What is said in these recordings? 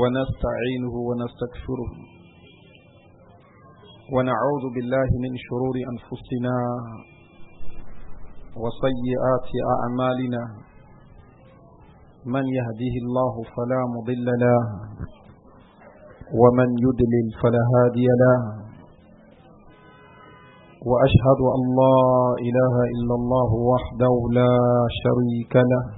ونستعينه ونستكفره ونعوذ بالله من شرور أنفسنا وسيئات أعمالنا من يهديه الله فلا مضل له ومن يدلل فلا هادي له وأشهد أن لا إله إلا الله وحده لا شريك له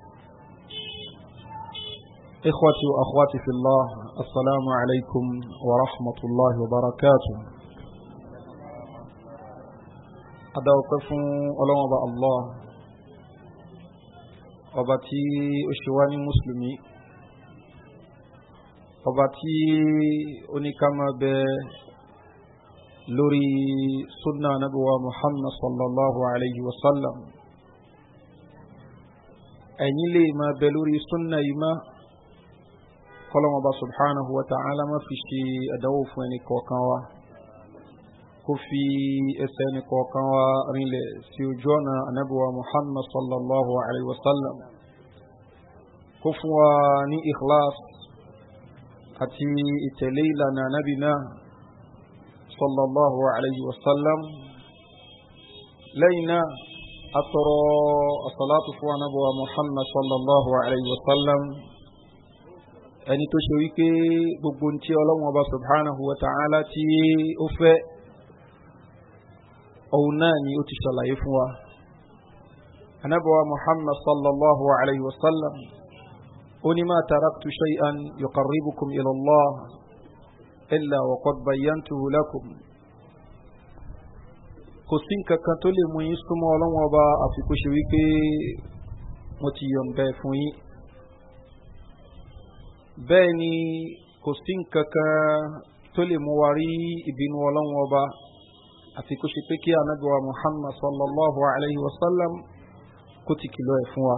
إخوتي وأخواتي في الله السلام عليكم ورحمة الله وبركاته أدوقف ألوم الله أبتي أشواني مسلمي أبتي أنكما ب لوري سنة نبوة محمد صلى الله عليه وسلم أني لي ما بلوري سنة يما kọ́lọ́mọ bá subhanahu wa ta'ala má fi ṣe àdánwò fún ẹnì kọ̀ọ̀kan wa kó fi ẹsẹ̀ ẹnì kọ̀ọ̀kan wa rinlẹ̀ sí ojú ọ̀nà wa muhammad sallallahu alayhi wa sallam kó fún wa ní ikhlas àti ìtẹ̀lé ìlànà anábì náà sallallahu alayhi wa sallam lẹ́yìn náà atọ̀rọ̀ asalatu fún wa muhammad sallallahu alayhi wa sallam. ẹni tó ṣe wípé gbogbo ń tí ọlọ́run ọba subhanahu wa ta'ala tí ó fẹ́ òun náà ni ó ti ṣàlàyé fún wa anabawa muhammad sallallahu alayhi wa sallam ó ní máa taraktu shay'an yuqarribukum ila allah illa wa qad bayyantuhu lakum kò sí nǹkan kan tó lè mú yín súnmọ́ ọlọ́run ọba àfikún ṣe wípé mo ti yọ̀ǹbẹ̀ fún yín bẹ́ẹ̀ ni kò sí nǹkan kan tó lè mú wa rí ìbínú ọlọ́run ọba àti kó ṣe pé kí anagba muhammad sallallahu alayhi wa sallam kó ti kìlọ̀ ẹ̀ fún wa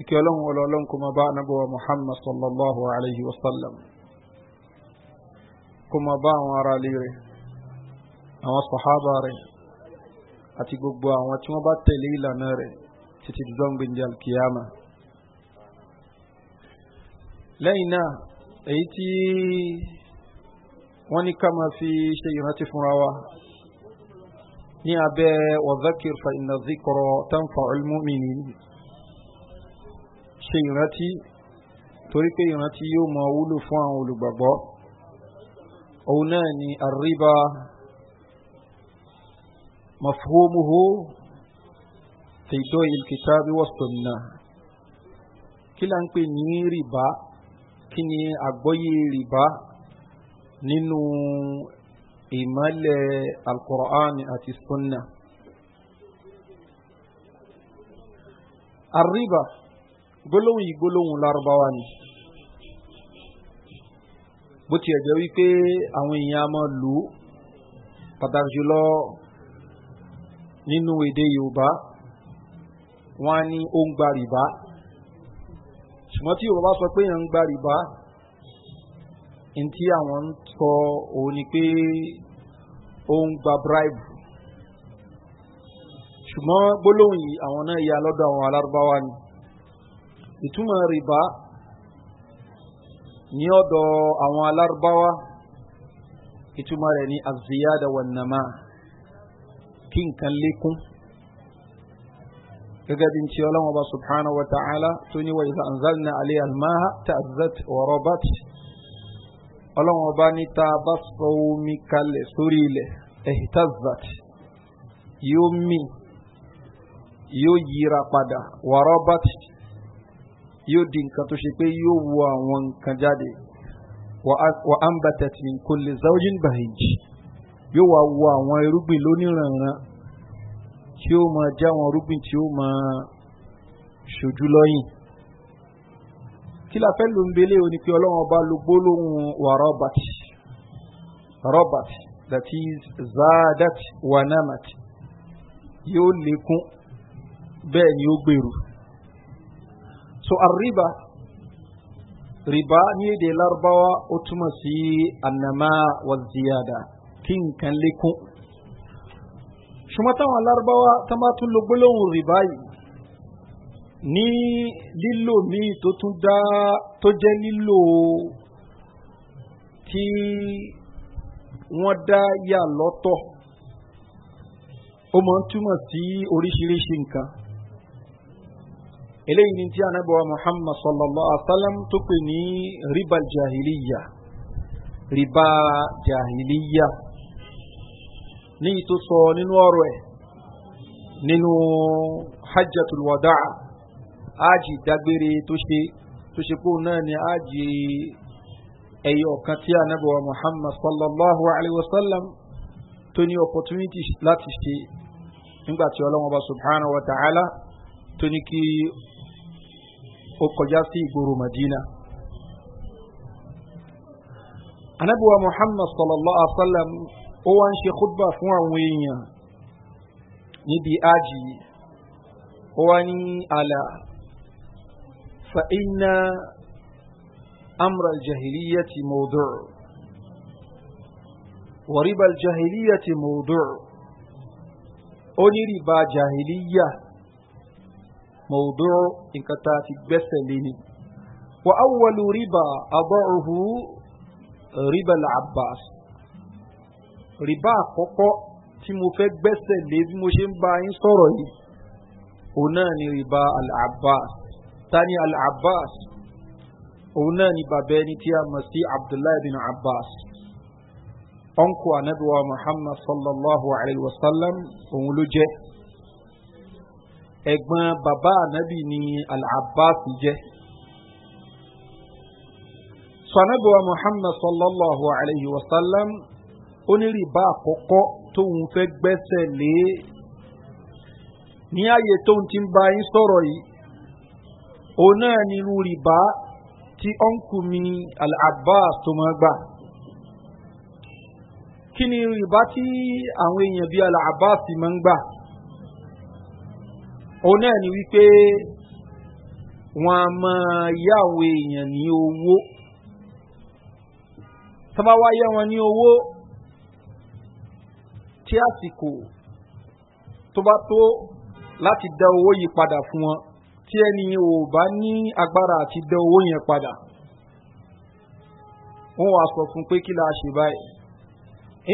ike ọlọ́run ọlọ́run kò máa bá anagba muhammad sallallahu alayhi wa sallam kó máa bá àwọn ará ilé rẹ̀ àwọn sàhábà rẹ̀ àti gbogbo àwọn tí wọ́n bá tẹ̀lé ìlànà rẹ̀ títí dídọ́ngbìn di alkiyama lẹ́yìn náà èyí tí wọ́n ní ká máa fi ṣe ìrántí fúnra wa ní abẹ́ wàzákìr fa iná zikọrọ tánfà olmọ́mìnì ṣe ìrántí torí pé ìrántí yóò mọ wúlò fún àwọn olùgbàgbọ́ òun náà ni àríbá mafhumuhu fi ilkitabi wọ́sùn náà kí là ń pè ní rìbá kí ni àgbọ́yé rìbá nínú ìmọ̀lẹ̀ alkùrọ̀ánì àti sunna àríbà gbólóhùn yìí gbólóhùn lárúbáwá ni bó ti ẹ̀jẹ̀ wípé àwọn èèyàn a máa lò ó pàtàkì jùlọ nínú èdè yorùbá wọn á ní ó ń gba rìbá ṣùgbọ́n tí yorùbá sọ pé yẹn ń gba rìbá ntí àwọn ń sọ òun ni pé ó ń gba bribe ṣùgbọ́n gbólóhùn yìí àwọn náà yà lọ́dọ̀ àwọn alárúbáwá ni ìtumọ̀ rìbá ní ọ̀dọ̀ àwọn alárúbáwá ìtumọ̀ rẹ̀ ni àzíyá da wọ̀nàmá kí nǹkan lékún gẹ́gẹ́ bí ti ọlọ́wọ́n ọba subhanahu wa ta'ala tó ní wa ìfà anzalna alẹ́ almaha ta'azzat wa robert ọlọ́wọ́n ọba ní ta bá sọ omi kalẹ̀ sórí ilẹ̀ ehitazat yóò mì yóò yíra padà wa robert yóò di nǹkan tó ṣe pé yóò wo àwọn nǹkan jáde wa ambatat min kulli zawjin bahij yóò wá wo àwọn irúgbìn lóníranran tí ó máa já wọn rúgbìn tí ó máa ṣojú lọ́yìn kí la fẹ́ ló ń belé o ni pé ọlọ́run ọba ló gbólóhùn wa robert robert that is zadat wa namat yóò lékún bẹ́ẹ̀ ni ó gbèrú so arriba riba ní èdè larabawa ó túmọ̀ sí anama wa ziyada kí nǹkan lékún ṣùgbọ́n táwọn alárúbáwá tó bá tún lo gbólóhùn rì báyìí ní lílò míì tó tún dá tó jẹ́ lílò tí wọ́n dá yà lọ́tọ̀ ó máa ń túmọ̀ sí oríṣiríṣi nǹkan eléyìí ni tí anábọ̀wá muhammad sallallahu alaihi wa sallam tó pè ní ribal jahiliya riba jahiliya ní ìtò sọ nínú ọ̀rọ̀ ẹ̀ nínú hajjatul wada ájì dágbére tó ṣe tó ṣe kó náà ni ájì ẹ̀yẹ ọ̀kan tí a nábọ̀wà muhammad sallallahu alaihi wasallam tó ní opportunity láti ṣe nígbàtí ọlọ́wọ́ bá subhanahu wa ta'ala tó ní kí ó kọjá sí ìgboro madina anábọ̀wà muhammad sallallahu alaihi wasallam ó wá ń ṣe khutba fún àwọn èèyàn níbi ájì ó wá ní àlà fa'ina amra aljahiliya ti maudur wariba aljahiliya ti maudur ó ní riba jahiliya maudur nǹkan ti gbẹ́sẹ̀ lé wa awwalu riba abọ́ruhu riba al-abbas rìbá àkọ́kọ́ tí mo fẹ́ gbẹ́sẹ̀ lé bí mo ṣe ń bá yín sọ̀rọ̀ yìí òun náà ni rìbá al-abbas tani al-abbas òun náà ni bàbá ẹni tí a mọ̀ sí abdullahi bin abbas ọ̀nkù anabiwa muhammad sallallahu alayhi wa sallam òun ló jẹ́ ẹ̀gbọ́n bàbá anabi ni al-abbas jẹ́ sanabiwa muhammad sallallahu alayhi wa sallam ó ní rìbá àkọ́kọ́ tóun fẹ́ gbẹ́sẹ̀ lé ní ààyè tóun ti ń ba yín sọ̀rọ̀ yìí òun náà nínú rìbá tí ọ̀nkù mi al tó máa gbà kí ni rìbá tí àwọn èèyàn bíi al-abbas máa ń gbà òun náà ni wípé wọn a máa yá àwọn èèyàn ní owó tí wá yá wọn ní owó tí àsìkò tó bá tó láti dá owó yìí padà fún wọn tí ẹni ò bá ní agbára àti dá owó yẹn padà wọn wàá sọ fún pé kí la ṣe báyìí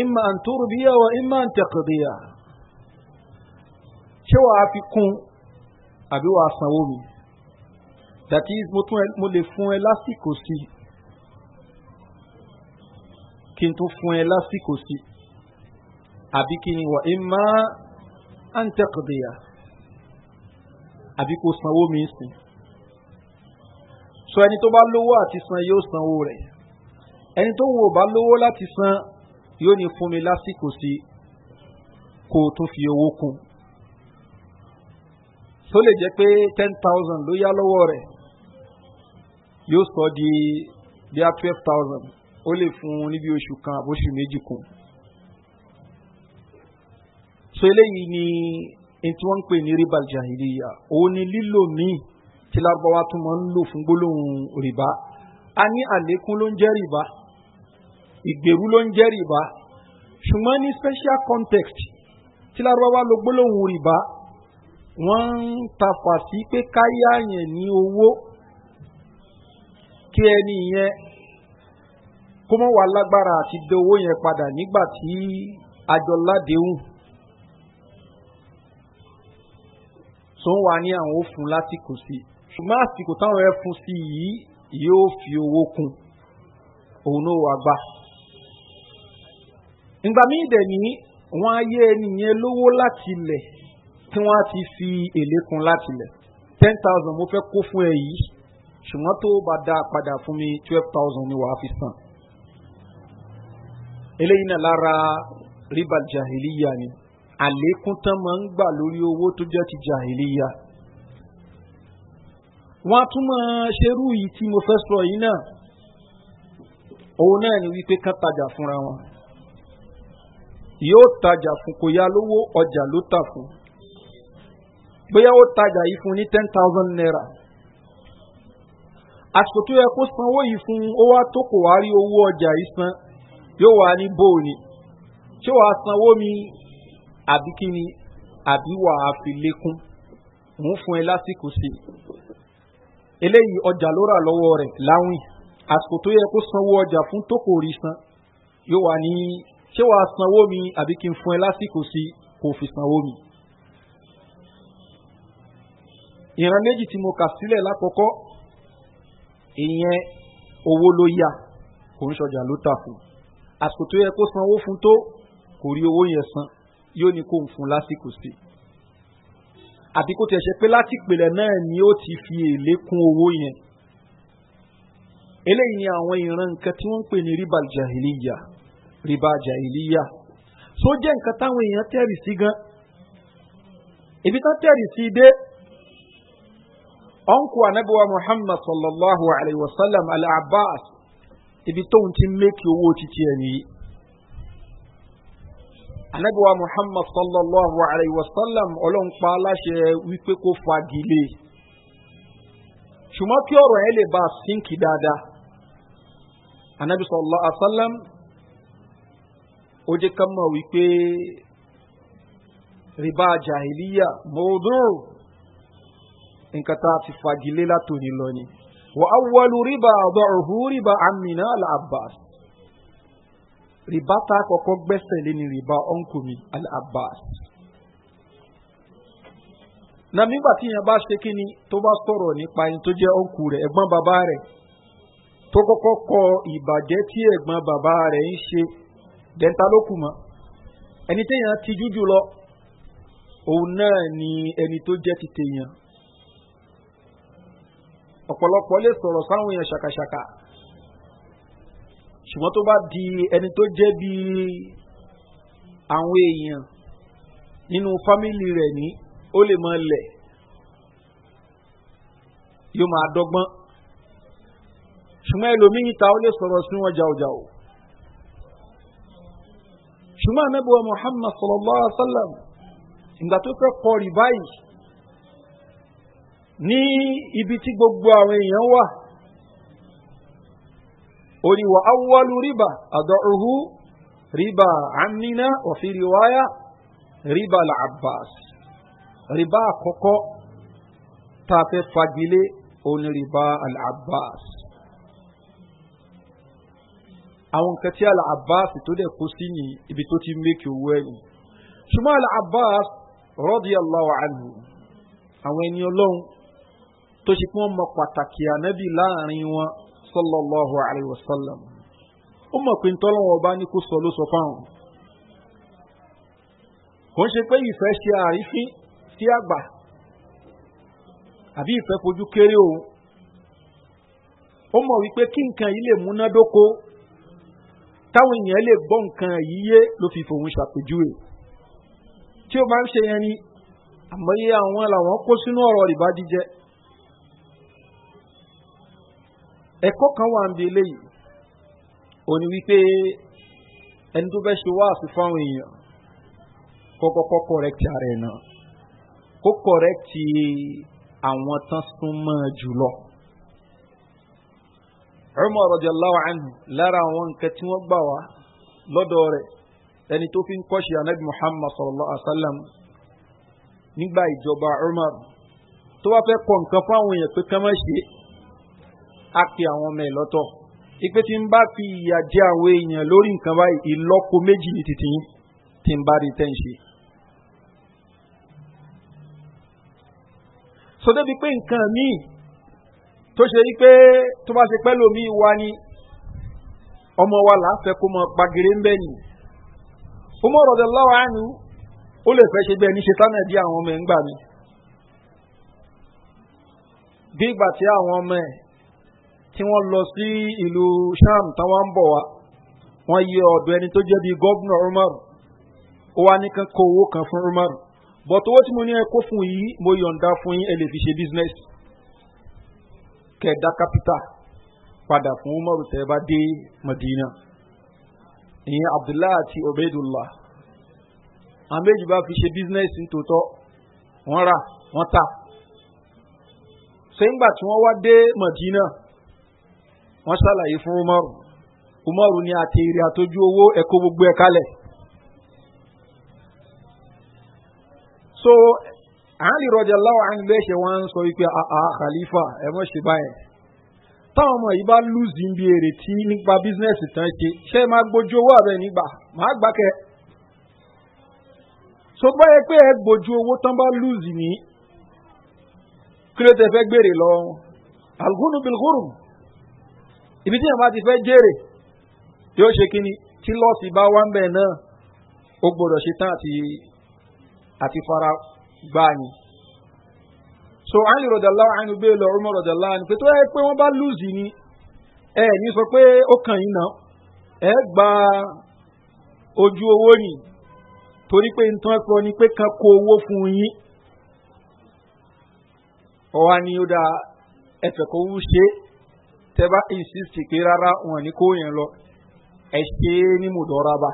ìmọ̀ àǹtórùbíyà wa ìmọ̀ àǹtẹ̀kọ̀dìyà ṣé wàá fi kún àbí wàá sanwó mi that is mo tún mo lè fún ẹ lásìkò sí kí n tún fún ẹ lásìkò sí àbí kí ni wọ ìmá àǹtẹ̀kọ̀dìyà àbí kò sanwó mi sìn so ẹni tó bá lówó àti san yóò sanwó rẹ̀ ẹni tó wò bá lówó láti san yóò ní fún mi lásìkò sí kó o tún fi owó kún tó lè jẹ́ pé ten thousand ló yá lọ́wọ́ rẹ̀ yóò sọ di bíi twelve thousand ó lè fún un níbi oṣù kan àbóṣù méjì kún so eléyìí ni tí wọ́n ń pè ní riba jahiliya òun ni lílò míì tí lárúbáwá tún máa ń lò fún gbólóhùn rìbá a ní àlékún ló ń jẹ́ rìbá ìgbèrú ló ń jẹ́ rìbá ṣùgbọ́n ní special context tí lárúbáwá lo gbólóhùn riba wọ́n ń tafà sí pé káyà yẹn ní owó kí ẹni yẹn kó mọ̀ wá lágbára àti dé owó yẹn padà nígbà tí àjọ ládéhùn. tó ń wà ní àwọn òfun lásìkò sí ṣùgbọ́n àsìkò táwọn ẹ fún sí yìí yóò fi owó kun òun náà wà gbà. ìgbà míì dẹ̀ ní wọ́n á yé ẹnìyẹn lówó láti ilẹ̀ tí wọ́n á ti fi èlé kun láti ilẹ̀ ten thousand mo fẹ́ kó fún ẹ yìí ṣùgbọ́n tó bá dá padà fún mi twelve thousand ni wàá fi sàn. eléyìí náà lára ribal jahiliya ni àlékún tán máa ń gbà lórí owó tó jẹ́ ti jà ìléya wọ́n á tún máa ṣerú yìí tí mo fẹ́ sọ yìí náà òun náà ni wípé ká tajà fúnra wọn yóò tajà fún kò ya lówó ọjà ló tà fún bóyá ó tajà yìí fún ní ten thousand naira àsìkò tó yẹ kó sanwó yìí fún ó wá tó kò wá rí owó ọjà yìí san yóò wá ní bóòní tí ó sanwó mi àbí kí ni àbí wà á fi lékún òun fún ẹ lásìkò sí i eléyìí ọjà ló rà lọ́wọ́ rẹ̀ láwìn àsìkò tó yẹ kó sanwó ọjà fún tó san yóò wà ní ṣé wàá sanwó mi àbí kí n fún ẹ lásìkò sí i kò fi sanwó mi. ìran méjì tí mo kà sílẹ̀ lákọ̀ọ́kọ́ ìyẹn owó ló yá kò ń ṣọjà ló tà fún àsìkò tó yẹ kó sanwó fún tó kò rí owó yẹn san yóò ní kó ń fún lásìkò sí àbí kó tiẹ̀ ṣe pé láti ìpìlẹ̀ náà ni ó ti fi èlé kún owó yẹn eléyìí ni àwọn ìran nǹkan tí wọ́n ń pè ní riba jahiliya riba jahiliya so jẹ́ nǹkan táwọn èèyàn tẹ̀rì sí gan ibi tán tẹ̀rì sí dé ọ̀nkù anabiwa muhammad sallallahu alayhi wa sallam al-abbas ibi tóun ti ń lékì owó títí ẹ̀ nìyí anabiwa muhammad sallallahu alayhi wa sallam ọlọ́run pa aláṣẹ wípé kó fagilé ṣùgbọ́n kí ọ̀rọ̀ yẹn lè ba sínkì dáadáa anabi sallallahu alayhi wa sallam ó jẹ́ ká mọ̀ wípé riba jahiliya mọ́ọ́dún nǹkan tá a ti fagilé látòní lọ ni wa awwalu riba dọ̀rùhù riba amina al-abbas rìbá tá a kọ́kọ́ gbẹ́sẹ̀ lé ní rìbá ọ̀nkù mi al-abbas. na nígbà tí yẹn bá ṣe kíni tó bá sọ̀rọ̀ nípa ẹni tó jẹ́ ọ̀nkù rẹ̀ ẹ̀gbọ́n bàbá rẹ̀ tó kọ́kọ́ kọ ìbàjẹ́ tí ẹ̀gbọ́n bàbá rẹ̀ ń ṣe dẹ́ńtà ló mọ́ ẹni téèyàn ti jújù lọ òun náà ni ẹni tó jẹ́ ti téèyàn ọ̀pọ̀lọpọ̀ lè sọ̀rọ̀ sáwọn èèyàn ṣàkàṣàkà ṣùgbọ́n tó bá di ẹni tó jẹ́ bí àwọn èèyàn nínú fámìlì rẹ̀ ní ó lè máa lẹ̀ yóò máa dọ́gbọ́n ṣùgbọ́n ẹlòmíyìí ta ó lè sọ̀rọ̀ sí wọn jàòjàò ṣùgbọ́n anábíwá muhammad sallallahu alaihi wa sallam ìgbà tó fẹ́ kọ́ rí báyìí ní ibi tí gbogbo àwọn èèyàn wà oni wa awwalu riba adọ́ruhu riba annina òfin riwaya riba al-abbas riba àkọ́kọ́ tá a fẹ́ fagilé oni riba al-abbas àwọn nǹkan tí al-abbas tó dẹ̀ kó sí ni ibi tó ti mékì owó ẹ̀yìn ṣùgbọ́n al rọ́dí allahu anhu àwọn ẹni ọlọ́run tó ṣe pé wọ́n mọ pàtàkì ànábì láàrin wọn sọlọ́lọ́hu alayhi wa sallam ó mọ̀ pé ntọ́lọ́wọ́ ọba ní kó sọ ló sọ fáwọn kò ń ṣe pé ìfẹ́ ṣe àrífín sí àgbà àbí ìfẹ́ fojú kéré ó mọ̀ wípé kí nǹkan yìí lè múnádóko táwọn èèyàn lè gbọ́ nǹkan yìí yé ló fi fòun ṣàpèjúwe tí ó ń ṣe yẹn ni àmọ́ iye àwọn làwọn kó sínú ọ̀rọ̀ ẹ̀kọ́ kan wà ń bi eléyìí ò ní wípé ẹni tó fẹ́ ṣe wá àfi fáwọn èèyàn kọ́kọ́kọ́ kọ̀rẹ́kì ara ẹ̀ náà kó kọ̀rẹ́kì àwọn tán súnmọ́ jùlọ. ọmọ ọ̀rọ̀dì aláwọ̀ lára àwọn nǹkan tí wọ́n gbà wá lọ́dọ̀ rẹ̀ ẹni tó fi ń kọ́ṣe anabi muhammad sallallahu alaihi wa sallam nígbà ìjọba umar tó wá fẹ́ kọ̀ nǹkan fáwọn èèyàn pé ká má ṣe é á pe àwọn ọmọ ẹ̀ lọ́tọ̀ ipe tí ń bá fi ìyà jẹ àwọn èèyàn lórí nǹkan báyìí ìlọ́po méjì ní títí tí ń bá rí tẹ́ ń ṣe. so débi pé nǹkan míì tó ṣe wípé tó bá ṣe pẹ́lú mi wá ní ọmọ wa là á fẹ́ kó mọ pagere ń bẹ́ ni ó mọ̀ rọ̀dẹ̀ láwa àánú ó lè fẹ́ ṣe bẹ́ẹ̀ ní ṣe tánà dí àwọn ọmọ ẹ̀ ń gbà mí bí ìgbà tí àwọn ọmọ ẹ̀ tí wọ́n lọ sí ìlú sham táwọn ń bọ̀ wá wọ́n yí ọ̀dọ̀ ẹni tó jẹ́ bíi gọ́vnà umar ó wá ní kan kó owó kan fún umar bọ̀tọ̀ owó tí mo ní ẹ kó fún yìí mo yọ̀ǹda fún yín ẹ lè fi ṣe business kẹ̀dá capital padà fún umar tẹ́ bá dé madina ìyẹn abdullahi àti obedullah àwọn méjì bá fi ṣe business nítòótọ́ wọ́n rà wọ́n tà sẹ́yìn gbà tí wọ́n wá dé madina wọ́n ṣàlàyé fún umaru umaru ní àti èrè àtọ́jú owó ẹ̀kọ́ gbogbo ẹ̀ kalẹ̀ so àálì rọjà láwọn àńgbẹ́ṣẹ̀ wọn ń sọ wípé àà ah, ah, khalifa ẹ̀ mọ̀ ṣe báyẹn táwọn ọmọ yìí bá lùzì ń bi èrè tí nípa bísínẹ́sì tán ṣe ṣé máa gbójú owó àbẹ̀ nígbà máa gbà kẹ́ so báyẹ pé ẹ gbójú owó tán bá lùzì ní kí ló tẹ fẹ́ gbèrè lọ algunu ibi tí yàrá ti fẹ́ jèrè yóò ṣe kí ni tí lọ́ọ̀sì bá wá ń bẹ̀ náà ó gbọ́dọ̀ ṣe tán àti fara gbá ni. so àìní rọ̀dàlá àìní bẹ́ẹ̀ lọ ọmọ rọ̀dàlá ni pé tó yẹ pé wọ́n bá lùzì ni ẹ ní sọ pé ó kàn yín náà ẹ gba ojú owó ni torí pé n tán sọ ni pé kan kó owó fún yín ọ̀wá ni ó dáa ẹ̀fẹ̀ kò wú ṣe é tẹ́bá insist pé rárá wọn ní kó yẹn lọ ẹ ṣe é ní mùdọ́rábà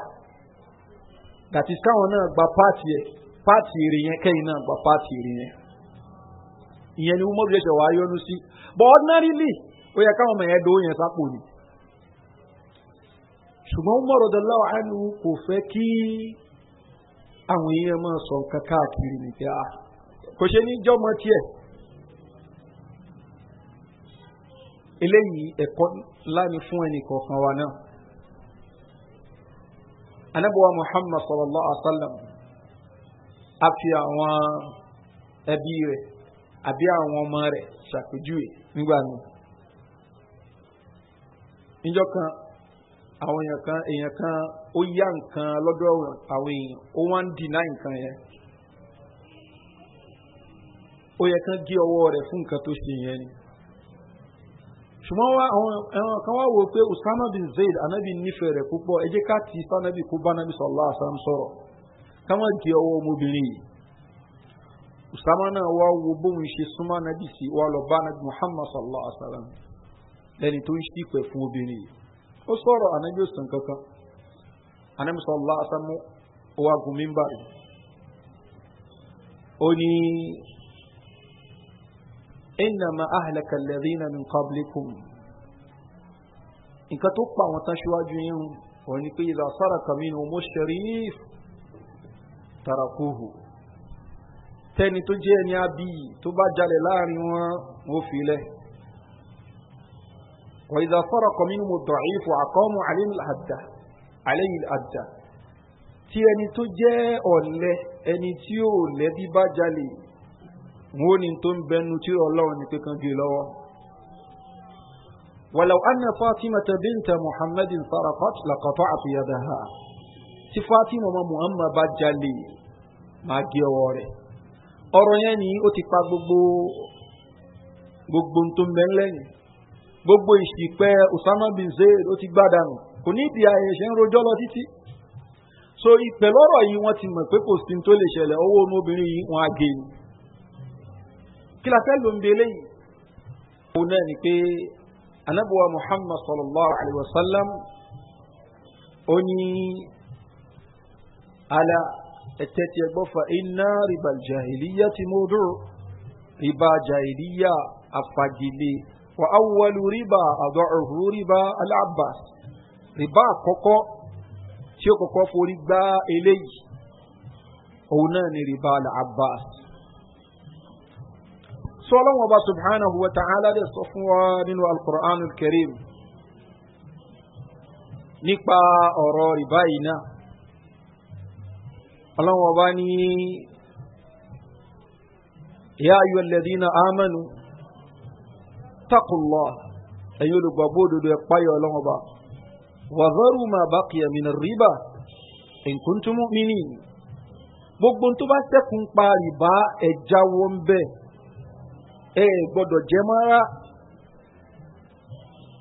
dàtí káwọn náà gba páàtì ẹ páàtì èrè yẹn kẹ́yìn náà gba páàtì èrè yẹn ìyẹn ni umaru yẹn ṣe yọnu sí but ordinarily ó yẹ káwọn ọmọ yẹn do yẹn sápò ni ṣùgbọ́n umaru dalawa anu kò fẹ́ kí àwọn èèyàn máa sọ nǹkan káàkiri nìkẹ́ a ah, kò ṣe ní jọ́mọ tiẹ̀. eléyìí ẹ̀kọ́ ńlá ni fún ẹnì kọ̀ọ̀kan wa náà anabuwa muhammad sallallahu alaihi wa sallam a fi àwọn ẹbí rẹ àbí àwọn ọmọ rẹ ṣàpèjúwe nígbà mi níjọ kan àwọn èèyàn kan èèyàn kan ó yá nǹkan lọ́dọ̀ àwọn èèyàn ó wá ń dìnnà nǹkan yẹn ó yẹ kán gé ọwọ́ rẹ̀ fún nǹkan tó ṣe yẹn ni ṣùgbọ́n wá àwọn ẹran usama bin zayd anabi nífẹ̀ẹ́ rẹ̀ púpọ̀ ẹ jẹ́ ká ti bá anabi sọ̀lá àṣàm di usama náà wá wo bóun ṣe súnmọ́ anabi sí wà lọ bá anabi muhammad sọ̀lá àṣàm lẹ́ni tó ń ṣí pẹ̀ fún obìnrin yìí ó anabi òsàn kankan anabi mímbà إنما أهلك الذين من قبلكم إن كتبع وتشواجين ونقي إذا سرق منهم الشريف تركوه تاني تجيني أبي تبجل لاري وفيله وإذا فرق منهم الضعيف وأقاموا عليه الأدى عليه الأدى tí ẹni tó jẹ́ ọ̀lẹ́ ẹni tí ó lẹ́bí bá jalè wọn ò ní tó ń bẹnu tí ọlọ́run ní pé kan gé lọ́wọ́. ولو أن فاطمة بنت محمد سرقت لقطعت يدها tí fatima ọmọ muhammad bá jalè máa gé ọwọ rẹ ọrọ yẹn ni ó ti pa gbogbo gbogbo tó ń bẹ lẹ́yìn gbogbo ìsìpẹ́ usama bin zayd ó ti gbádànù kò ní ìdí àyẹ̀ṣẹ́ ń rojọ́ lọ títí so ìpẹ̀lọ́rọ̀ yìí wọ́n ti mọ̀ pé kò sí tó lè ṣẹlẹ̀ owó ọmọbìnrin yìí wọ́n á gé ni kí la fẹ́ ló ń bẹ lẹ́yìn. òun náà ni pé anabuwa muhammad sallallahu alayhi wa sallam ó ní ala ẹ̀tẹ́tì ẹgbọ́fà iná rìbà jahiliya ti mú dùn rìbà jahiliya afagilé wa awwalu rìbà àdọ́ ọ̀hún rìbà alábàs rìbà tí ó kọ́kọ́ forí gbá eléyìí òun náà ni rìbá al sọ ọlọ́wọ́n ọba subhanahu wa ta'ala lè sọ fún wa nínú alukur'an kẹrìm nípa ọ̀rọ̀ rìbá yìí náà ọlọ́wọ́n ọba ní ya ayọ̀ lẹ́dínà amánu takulọ ẹ̀yin olùgbàgbọ́ òdodo ẹ̀ páyọ̀ ọlọ́wọ́n ọba wàzọ́rù máa bá kìyàmínà rìbá nkuntumu mini gbogbo tó bá sẹ́kùn pa rìbá ẹ̀jáwó ń ẹ gbọdọ jẹ́ mọ́ra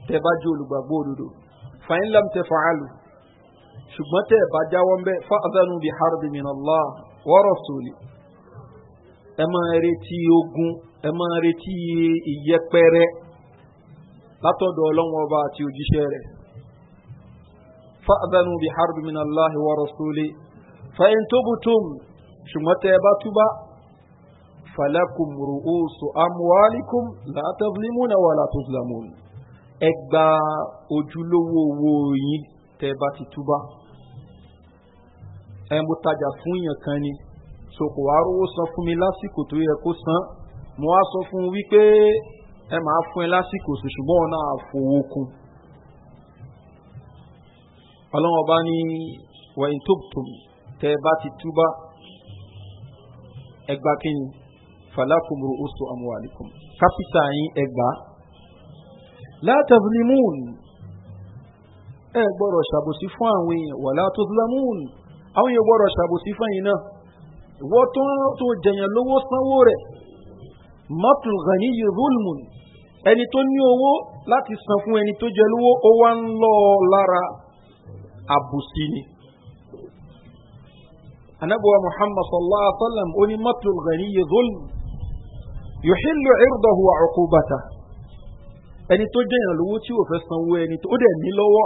tẹ́ bá jẹ́ olùgbàgbọ́ òdodo fàyín lam tẹ fàálù ṣùgbọ́n tẹ́ bá ń harbi ẹ retí ogun ẹ máa retí ìyẹpẹrẹ látọ̀dọ̀ ọlọ́wọ́n ọba àti òjíṣẹ́ rẹ̀ harbi fàyín falakum ru'usu amwalikum la tazlimuna wa la tuzlamun ẹ gba ojúlówó owó yín tẹ bá ti túbá ẹ mo tajà fún yàn kan ni sòkò wàá rówó san fún mi lásìkò tó yẹ kó san mo wá sọ fún un wípé ẹ máa fún ẹ lásìkò sí ṣùgbọ́n ọ̀nà àfọwọ́kùn ọlọ́wọ́n bá ní wẹ̀yìn tó tòun tẹ ti túbá ẹgbà kínní falakumuru oṣù amuwalikum kápítà yín ẹgbà látàbílímùn ẹ gbọ́dọ̀ ṣàbòsí fún àwọn èèyàn wà látàbílímùn àwọn èèyàn gbọ́dọ̀ ṣàbòsí fún ẹ̀yìn náà wọ́n tó ń tó jẹ̀yàn lówó sanwó rẹ̀ mọ́tò ghaniyi rúlmùn ẹni tó ní owó láti san fún ẹni tó jẹ lówó ó wá ń lọ lára ni anabuwa muhammad sallallahu alaihi wa sallam ó ní mọ́tò yòhílò ìrùdọ̀hù àkókò bàtà ẹni tó jẹyàn lówó tí ò fẹ́ sanwó ẹni tó dẹ̀ ní lọ́wọ́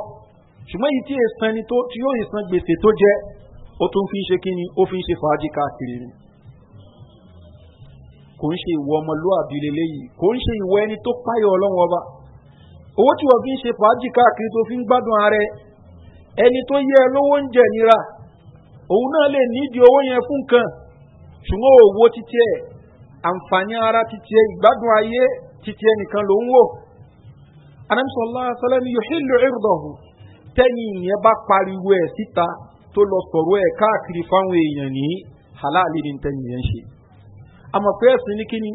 ṣùgbọ́n èyí tí èsàn ẹni tó tí yóò ìsan gbèsè tó jẹ́ ó tún fi ń ṣe kíni ó fi ń ṣe fàájì káàkiri ni kò ń ṣe ìwọ ọmọlúwàbí leléyìí kò ń ṣe ìwọ ẹni tó páyọ ọlọ́run ọba owó tí wọ́n fi ń ṣe fàájì káàkiri tó fi ń gbádùn ààrẹ ẹni tó yẹ lówó ń jẹ nira òun náà lè nídìí owó yẹn fún nǹkan ṣùgbọ́n òwò títí ẹ̀ àǹfààní ara títí ẹ ìgbádùn ayé títí ẹ nìkan ló ń wò anamisọlá sọlẹmi yòhílò ìrùdọ̀hù tẹ́yìn ìyẹn bá pariwo ẹ̀ síta tó lọ sọ̀rọ̀ ẹ̀ káàkiri fáwọn èèyàn ní halali ní tẹ́yìn yẹn ṣe àmọ̀ pé ẹ̀sìn ní kíni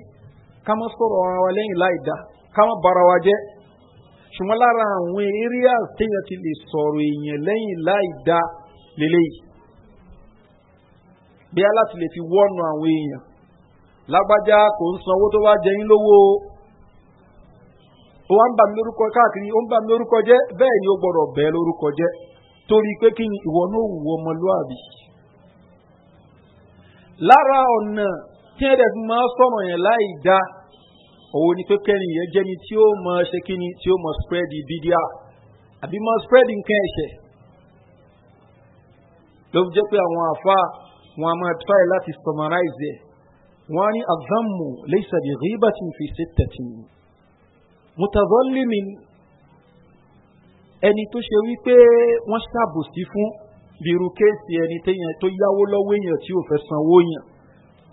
ká má sọ̀rọ̀ ara wa lẹ́yìn láì dá ká má bara wa jẹ́ ṣùgbọ́n lára àwọn eréà téèyàn ti lè sọ̀rọ̀ èèyàn lẹ́yìn láì dá lélẹ́yìí bí aláti lè fi wọ́nu àwọn èèyàn lágbájá kò ń san owó tó wá jẹ yín lówó o wa ń bà mí lórúkọ káàkiri ó ń bà mí lórúkọ jẹ bẹ́ẹ̀ ni ó gbọ́dọ̀ bẹ́ẹ̀ lórúkọ jẹ torí pé kí ni ìwọ náà wù ọmọlúwàbí. lára ọ̀nà tí ẹ̀rẹ̀ fi máa sọ̀rọ̀ yẹn láì dá òun ni pé kẹ́rin yẹn jẹ́ni tí ó mọ ṣe kí ni tí ó mọ spread bídíà àbí mọ spread nǹkan ẹ̀ṣẹ̀ ló fi jẹ́ pé àwọn àfa wọn a máa try láti summarize ẹ̀ wọ́n ní azamu lẹ́sà bí ríbàtì fi ṣètẹ̀tì mutazọ́límì ẹni tó ṣe wípé wọ́n ṣàbòsí fún bírú kéèsì ẹni tó yáwó lọ́wọ́ èèyàn tí ò fẹ́ sanwó yàn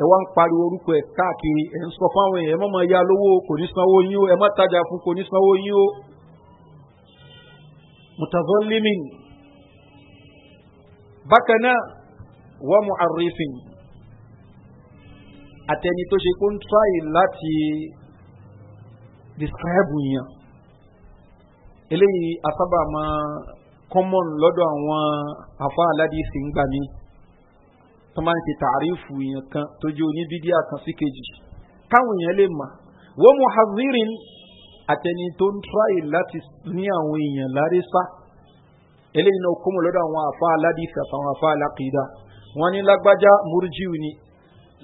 ẹ wá ń pariwo orúkọ ẹ káàkiri ẹ ń sọ fáwọn èèyàn ẹ ya lówó kò ní sanwó yín o ẹ má tajà fún kò ní sanwó yín o mutazọ́límì bákan náà wọ́n mu àrífin àtẹni tó ṣe kó ń tráyì láti describe yẹn eléyìí asábà máa common lọ́dọ̀ àwọn afá aládìsí ń gbà mí tó máa ń ṣe tààrífù yẹn kan tó jẹ́ oníbídíà kan sí kejì káwọn èèyàn lè mà wọ́n mu hazirin àtẹni tó ń tráyì láti ní àwọn èèyàn lárésá eléyìí náà kó mọ̀ lọ́dọ̀ àwọn afá aládìsí àtàwọn afá alákìídá wọ́n ní lágbájá múrjíù ni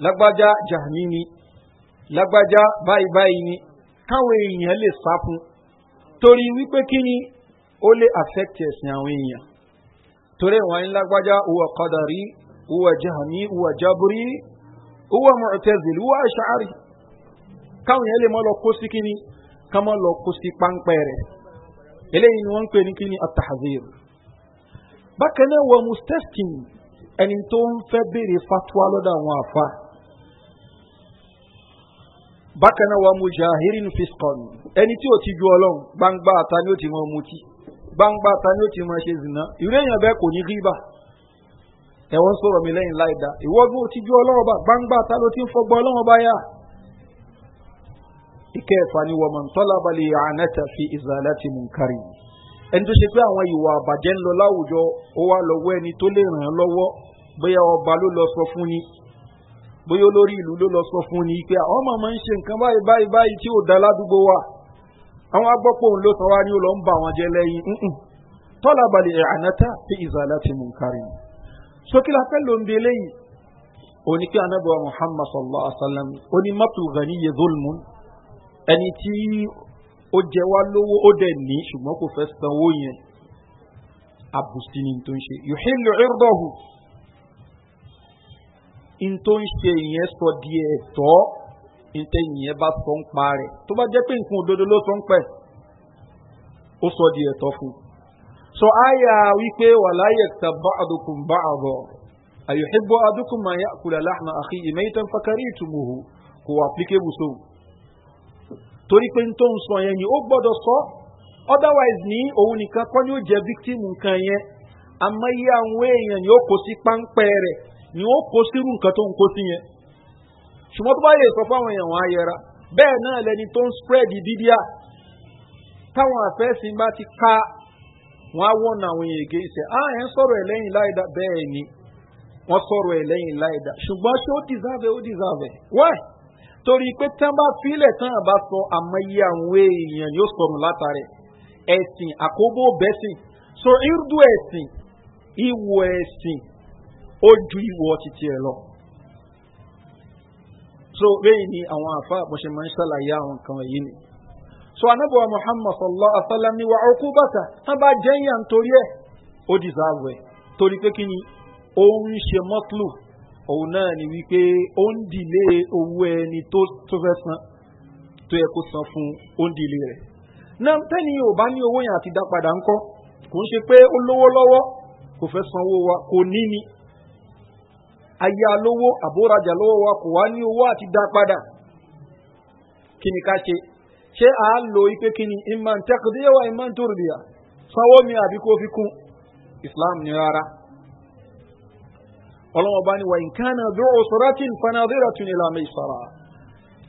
lágbájá jàmí ni lágbájá báyìí báyìí ni káwọn èèyàn lè sá fún torí wípé kí ni ó lè affect ẹ̀sìn àwọn èèyàn torí wọn ní lágbájá òwò kọdàrí òwò jàmí òwò jábúrí òwò mọ̀tẹ́zìlì òwò àṣàárì káwọn èèyàn lè mọ́ lọ kó sí kí ni ká mọ́ lọ kó sí páńpẹ́ rẹ̀ eléyìí ni wọ́n ń pè ní kí ni atahazir bákan náà wọ mustaskin ẹni tó ń fẹ́ béèrè fatuwa lọ́dọ̀ àwọn àfa bákan náà wà mujahirin fiskon ẹni tí ò ti ju ọlọ́run gbangba ata ni ó ti máa mutí gbangba ata ni ó ti máa ṣe zina ìrú èèyàn bẹ́ẹ̀ kò ní ríbà ẹ̀wọ̀n sọ̀rọ̀ mi lẹ́yìn láìda ìwọ́gbọ́n ò ti ju ọlọ́run bá gbangba ata ló ti ń fọgbọ́ ọlọ́run bá yá. ìkẹfà ni wọ́n máa ń tọ́lá balẹ̀ ànátà fi ìzàlẹ̀ ti mú kárí ẹni tó ṣe pé àwọn ìwà àbàjẹ́ ń lọ láwùjọ ó wá lọ́wọ́ ẹni tó lè ràn án lọ́wọ́ bóyá ọba ló lọ sọ fún ni bóyá olórí ìlú ló lọ sọ fún ni pé àwọn ọmọ máa ń ṣe nǹkan báyìí báyìí báyìí tí ò da ládùúgbò wa àwọn agbọ́pọ̀ òun ló sọ wá ní ó lọ ń bá wọn jẹ lẹ́yìn tọ́lá balẹ̀ ànátà fi ìzàlá ti mú kárí ni. sókè la ló ń de eléyìí òní pé anábọ̀ muhammad sallallahu alaihi wa sallam ó mọ́tò gani yẹ zolmu ẹni tí ó jẹ wá lówó ó dẹ̀ ní ṣùgbọ́n kò fẹ́ sanwó yẹn àbùsí ni tó ń ṣe yòhílù ìrọ̀hùn n tó ń ṣe ìyẹn sọ di ẹ̀tọ́ n tẹ ìyẹn bá sọ ń pa rẹ̀ tó bá jẹ́ pé nǹkan òdodo ló sọ ń pẹ̀ ó sọ di ẹ̀tọ́ fún un. sọ àyà wípé wàláyé tàbá àdókùn bá àbọ̀ àyòhébó àdókùn máa yá àkùlà láàmú àfi ìmẹ́yìntàn fakarí ìtumùhù kò wà sóhùn. torí pé n tó ń sọ yẹn ni ó ni ó jẹ́ victim nǹkan yẹn àwọn èèyàn ni ó kò sí ni ó kó sírú nǹkan tó ń kó sí yẹn ṣùgbọ́n tó bá yẹ sọ fáwọn èèyàn wọn á yẹra bẹ́ẹ̀ náà lẹni tó ń spread dídíà táwọn àfẹ́sìn bá ti ká wọn á wọ́n àwọn èèyàn ègé ìṣe ah ẹ̀ ń sọ̀rọ̀ ẹ̀ lẹ́yìn láìda bẹ́ẹ̀ ni wọ́n sọ̀rọ̀ ẹ̀ lẹ́yìn láìda ṣùgbọ́n ṣé ó deserve ó deserve why torí pé tán bá filẹ̀ tán àbá sọ àmọye àwọn èèyàn yóò sọnù látàrí ẹ̀sìn àkóbó bẹ́sìn so irú ẹ̀sìn ìwò ẹ̀sìn ó ju ìwọ títí ẹ lọ so bẹ́ẹ̀ ni àwọn àfa àpọ̀ṣe máa ń ṣàlàyé àwọn nǹkan wọ̀nyí ni so anábọ̀wá muhammad sallallahu alaihi wa sallam ni wa ókú bàtà tán bá jẹ́yàn torí ẹ̀ ó dìsáàbù ẹ̀ torí pé kí ni òun ń ṣe mọ́tlù òun náà ni wípé ó ń dìlé owó ẹni tó fẹ́ san tó yẹ kó san fún ó ń dìlé rẹ̀ náà tẹ́ni ò bá ní owó yẹn àti dá padà ńkọ́ kò ń ṣe pé ó lówó lọ́wọ́ kò fẹ́ sanwó wa kò ní ni ayé alówó àbórajà lọ́wọ́ wa kò wá ní owó àti dá padà kí ni ká ṣe ṣé à á lo ipe kí ni imman tẹkùdíyàwó imman tóòrùdíyà sanwó mi àbí kó fi kún islam ní rárá ọlọ́wọ́n bá ní wà nkánà dúró sọ́rọ́tì fanadíra tún ní ìlànà ìsọ̀rọ̀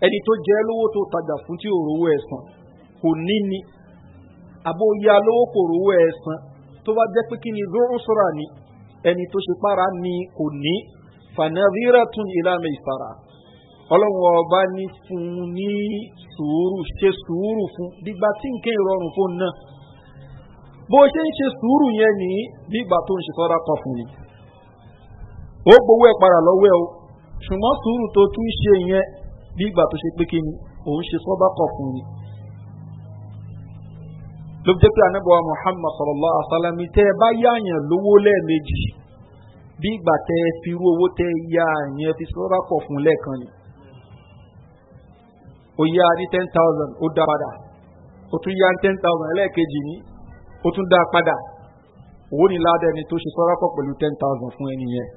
ẹni tó jẹ́ lówó tó tajà fún tí òrówó ẹ̀ sàn kò ní ni àbó ya lówó kò rówó ẹ̀ tó bá jẹ́ pé kí ni dúró sọ́rọ̀ ni ẹni tó ṣe para ni kò ní fanadira tún ìlànà ìfara ọlọ́wọ́ ọba ní fún ní sùúrù ṣe sùúrù fún dígbà tí nǹkan ìrọ̀rùn fún náà bó ṣe ń ṣe sùúrù yẹn ní dígbà tó ń ṣe sọ́dá kan fún ni ó gbowó ẹ̀ padà lọ́wọ́ ẹ o ṣùgbọ́n sùúrù tó tún ṣe yẹn dígbà tó ṣe pé kí ni òun ṣe sọ́dá kan fún ni ló jẹ́ pé anábọ̀ muhammad sallallahu alaihi wa tẹ́ ẹ bá yáàyàn lówó lẹ́ẹ̀mejì bí ìgbà tẹ fi irú owó tẹ ya yẹn fi sọ́ra pọ̀ fún lẹ́ẹ̀kan ni o ya ní ten thousand ó dá padà o tún ya ní ten thousand ẹlẹ́ẹ̀kejì ní o tún dá padà owó ni ládẹ́ ni tó ṣe sọ́ra pọ̀ pẹ̀lú ten thousand fún ẹni yẹn.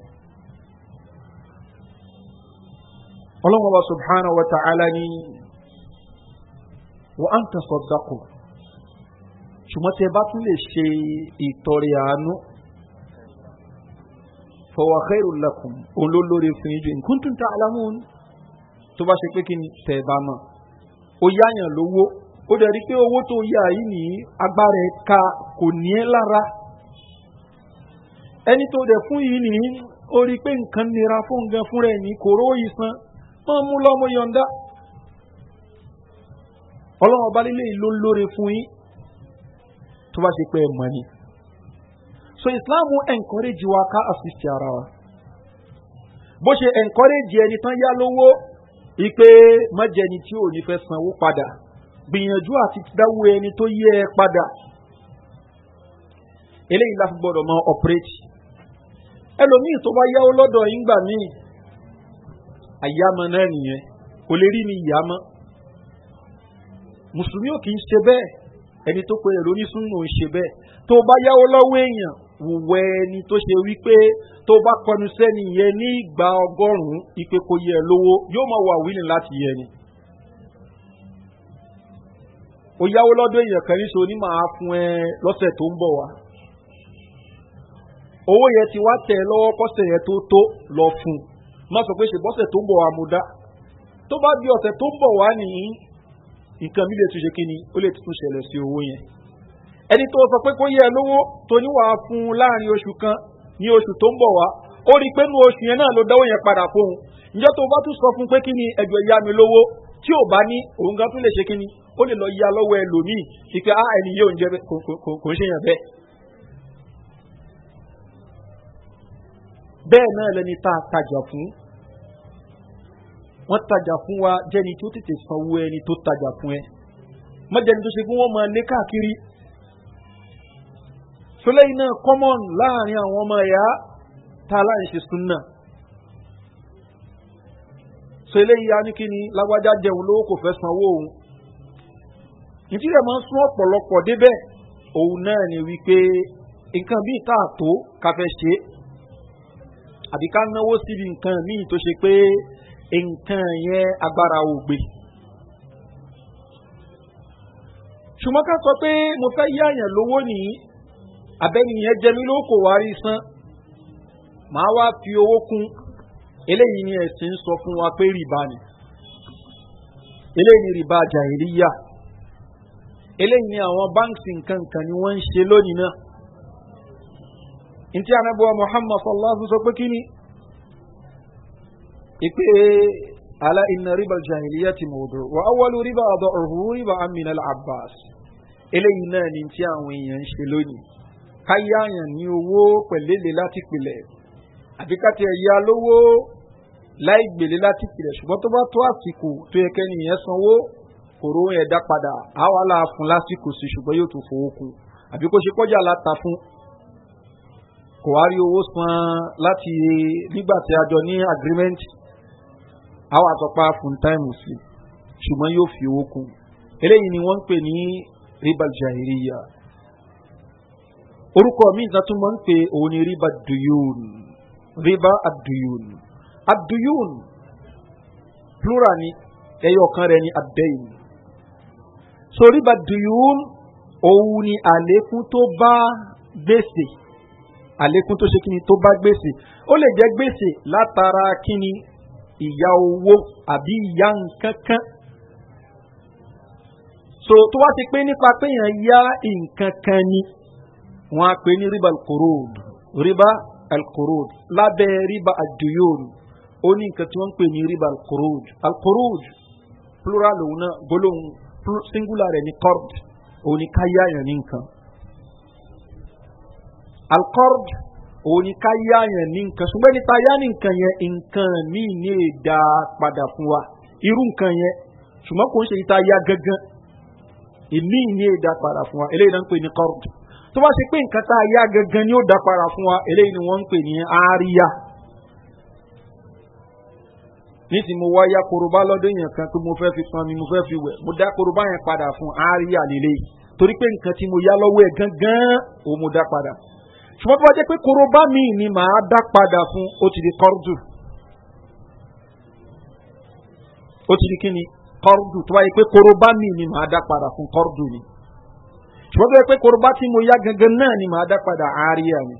ọlọ́run ọba subhanahu wa ta'ala ni wọ́n á ń tẹ̀sọ̀ dákò ṣùgbọ́n tí bá tún lè ṣe ìtọ̀rẹ̀ àánú fọwọ́ xẹ́rù lẹ́kùn òun ló lóore fún yín ju nǹkan tó ń ta alámùn tó bá ṣe pé kí ni tẹ̀ bá mọ̀ ó yáyàn lówó ó dẹ̀ rí pé owó tó yá yìí ní agbára ẹ̀ kò ní ẹ́ lára ẹni tó dẹ̀ fún yìí ní ó rí pé nǹkan nira fún nǹkan fúnra ẹ̀ ní kòró yìí san máa mú lọ́mọ yọ̀ǹda ọlọ́run ọba lílé yìí ló lóore fún yín tó bá ṣe pé ẹ̀ mọ̀ ni so islam encourage wa ká assist ara wa bó ṣe encourage ẹni tán yá lówó ipe mọ́jẹni tí ò ní fẹ́ sanwó padà gbìyànjú àti dáwó ẹni tó yẹ ẹ padà eléyìí láti gbọ́dọ̀ mọ operate ẹlòmíì tó bá yáwó lọ́dọ̀ yín gbà míì àyàmọ̀ náà nìyẹn kò lè rí mi yá mọ́ mùsùlùmí ò kì í ṣe bẹ́ẹ̀ ẹni tó pe èrò onísùn ò ń ṣe bẹ́ẹ̀ tó bá yáwó lọ́wọ́ èèyàn wùwẹ́ ẹni tó ṣe wípé tó bá kọnu sẹ́ni yẹn ní ìgbà ọgọ́rùn-ún ipe kò yẹ lówó yóò máa wà wílì láti yẹ ni. ó yáwó lọ́dọ̀ èèyàn kan níṣo ní màá fún ẹ lọ́sẹ̀ tó ń bọ̀ wá. owó yẹn ti wá tẹ̀ lọ́wọ́ kọ́sẹ̀ yẹn tó tó lọ fún un má sọ pé ṣe bọ́sẹ̀ tó ń bọ̀ wá mo dá. tó bá bí ọ̀sẹ̀ tó ń bọ̀ wá nìyí nǹkan mi lè tún kí ni ó lè tún sí owó yẹn ẹni tó sọ pé kó yẹ lówó tó níwàá fún un láàrin oṣù kan ní oṣù tó ń bọ̀ wá ó rí pé nu oṣù yẹn náà ló dáwọ́ yẹn padà fóun ǹjọ́ tó bá tún sọ fún pé kí ni ẹ̀jọ̀ ìyá mi lówó tí ò bá ní òun gan tún lè ṣe kí ni ó lè lọ ya lọ́wọ́ ẹlòmíì sí pé ah ẹni yóò ń jẹ kò ń ṣe yàn bẹ́ẹ̀. bẹ́ẹ̀ náà lẹni tá a tajà fún wọ́n tajà fún wa jẹ́ni tó tètè sanwó ẹni tó tajà fún ẹ mọ́jẹ́ni tó ṣe fún wọn máa lé káàkiri sọlẹ́ iná common láàrin àwọn ọmọ ẹ̀yà tá a láì ṣe súnà sọ eléyìí á ní kí ni lágbájá jẹun lówó kò fẹ́ sanwó òun ìtìlẹ̀ máa ń sún ọ̀pọ̀lọpọ̀ débẹ̀ òun náà ni wípé nǹkan bíi tá a tó ká fẹ́ ṣe àbí ká náwó síbi nǹkan míì tó ṣe pé nǹkan yẹn agbára ò gbé. ṣùgbọ́n ká sọ pé mo fẹ́ yá àyàn lówó nìyí abẹ́niyẹn jẹ mí ló kò wárí sán màá wá fi owó kún eléyìí ni ẹ̀sìn sọ fún wa pé rìbá ni eléyìí ni rìbá jàìríyà eléyìí ni àwọn báńkì nǹkan kan ni wọ́n ń ṣe lónìí náà ntí anábọ́à muhammad sallallahu sọ pé kí ni ìpè ala inna riba jahiliya ti mọ̀dọ̀ wa awalu riba adọ̀ ọ̀hún riba amina al-abbas eléyìí náà ni ntí àwọn èèyàn ń ṣe lónìí káyáyàn ní owó pẹ̀lẹ́lẹ̀ láti pìlẹ̀ àbí ká tiẹ̀ ya lówó láì gbèlé láti pìlẹ̀ ṣùgbọ́n tó bá tó àsìkò tó yẹ kẹ́ni yẹn sanwó kòró yẹn dá padà àwa la fún lásìkò sí ṣùgbọ́n yóò tún fowó kun àbí kó ṣe kọjá la fún kò wá rí owó san láti nígbà tí a jọ ní agreement àwa àtọ́pá fún táìmù sí ṣùgbọ́n yóò fi owó kun eléyìí ni wọ́n ń pè ní ribaljahiriya orúkọ mi ìta tún máa ń pè òun ni riba duyun riba aduyun aduyun plural ni ẹyọ kan rẹ ni abẹ́yìn so riba duyun òun ni àlékún tó bá gbèsè àlékún tó ṣe kíni tó bá gbèsè ó lè jẹ́ gbèsè látara kíni ìyá owó àbí ìyá nǹkan kan so tó wá ti pé nípa pé èèyàn yá nǹkan kan ni wọn pe ní riba alkorod riba alkorod lábẹ́ riba aduyon ó ní nǹkan tí wọ́n ń pè riba alkorod alkorod plural òun náà gbólóhùn singular rẹ̀ ní cord òun ni ká yáyàn ní nǹkan alkord òun ni ká yáyàn ní nǹkan ṣùgbọ́n nípa yá ní nǹkan yẹn nǹkan míì ní èdè padà fún wa irú nǹkan yẹn ṣùgbọ́n kò ń ṣe ìta yá gangan ìmíì ní èdè padà fún wa eléyìí náà ń pè ní kord tó bá ti pé nǹkan tá a yá gangan ni ó dá para fún wa eléyìí ni wọ́n ń pè ní àríyá ní ti mo wá yá korobá lọ́dún yẹn kan pé mo fẹ́ fi pọn mi mo fẹ́ fi wẹ̀ mo dá korobá yẹn padà fún àríyá lélẹ̀ torí pé nǹkan tí mo yá lọ́wọ́ ẹ̀ gangan ò mo dá padà ṣùgbọ́n tó bá jẹ́ pé korobá mi ni màá dá padà fún ó ti di kọ́rùdù ó ti di kí ni kọ́rùdù tó bá yẹ pé korobá mi ni màá dá padà fún kọ́rùdù ni ṣùgbọ́n tó yẹ pé korobá tí mo yá gangan náà ni màá dá padà àárẹ̀ mi.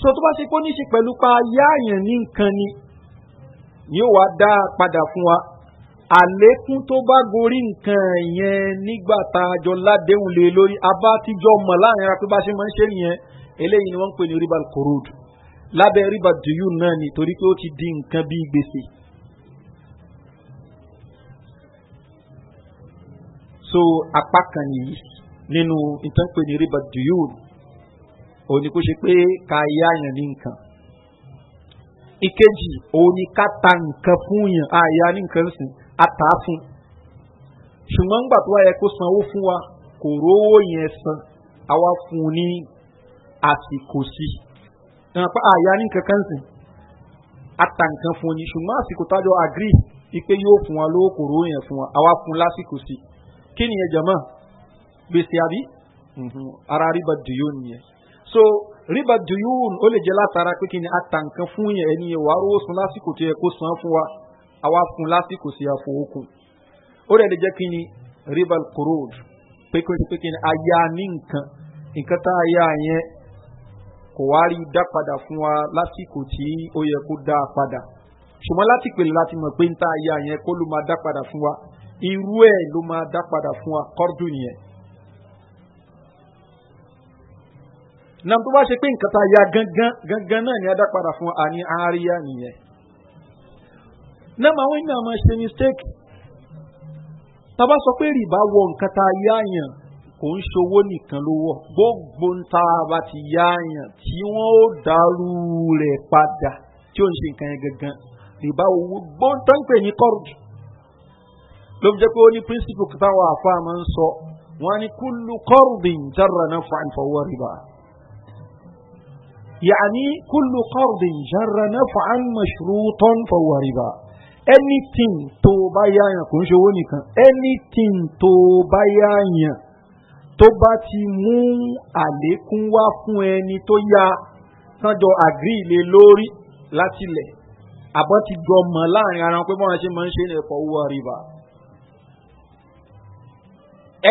so tó bá ṣe pé ó ní í ṣe pẹ̀lú pa yáàyàn ní nǹkan ni yóò wá dá padà fún wa àlékún tó bá gorí nǹkan yẹn nígbà tá a jọ ládéhùn lé lórí abá tíjọ́ mọ̀ láàrin ara pé bá ṣe máa ń ṣe yẹn eléyìí ni wọ́n ń pè ní ribal korod lábẹ́ ribal duyun náà ni torí pé ó ti di nǹkan bíi gbèsè. so apá kan yìí nínú ìtànpé ní rìbá dùyún òun ni kó ṣe pé ká yá yàn ní nǹkan ìkejì òun ni ká ta nǹkan fún yàn àyà ní nǹkan sìn àtà fún ṣùgbọ́n nígbà tó wáyé kó sanwó fún wa kò rówó yẹn san àwa fún un ní àsìkò sí ìrànpá àyà ní nǹkan kan sìn àtà nǹkan fún ni ṣùgbọ́n àsìkò tájọ agree ipe yóò fún wa lówó kò rówó yẹn fún wa àwa fún lásìkò sí i. Kini nìyẹn jama gbèsè àbí mhm. ara riba duyun nìyẹn so riba duyun ó lè jẹ látara pé kí ni a ta nǹkan fún yẹn ẹni yẹn wàá rówó sun lásìkò tó yẹ san fún wa àwa fún lásìkò sí àfọwọ́kùn ó rẹ̀ lè jẹ́ kí ni riba kurod pé kí ni a yá ní nǹkan nǹkan tá a yá yẹn kò wá rí dá padà fún wa lásìkò tí ó yẹ kó dá padà ṣùgbọ́n láti pèlè láti mọ̀ pé ń tá a yẹn kó ló máa dá padà fún wa irú ẹ̀ ló máa dá padà fún wa kọ́rdù nìyẹn. náà tó bá ṣe pé nǹkan tá a ya gangan gangan náà ni a dá padà fún wa ní nìyẹn. náà àwọn èèyàn máa ṣe mistake tábà sọ pé rìbá wọ nǹkan tá a yáàyàn kò ń ṣòwò nìkan ló wọ gbogbo ń tá a bá ti yáàyàn tí wọn ó dàrú rẹ padà tí ó ń ṣe nǹkan yẹn gangan rìbá owó gbóńtánpẹ ní kọrùdù ló fi jẹ́ pé ó ní píríncípù táwọn àfa máa ń sọ wọn ni kúlù kọ́rùbìn jára náà fún àǹfọwọ́ rìbá yàní kúlù kọ́rùbìn jára náà fún àǹmọ̀ṣúrú tó ń fọwọ́ rìbá anything tó bá yáyàn kò ń ṣe owó nìkan anything tó bá yáyàn tó bá ti mú àlékún wá fún ẹni tó yá sanjọ àgírí ilé lórí látilẹ̀ àbọ̀ ti jọ láàrin ara wọn pé bọ́n ṣe máa ń ṣe ní ẹ̀fọ́ owó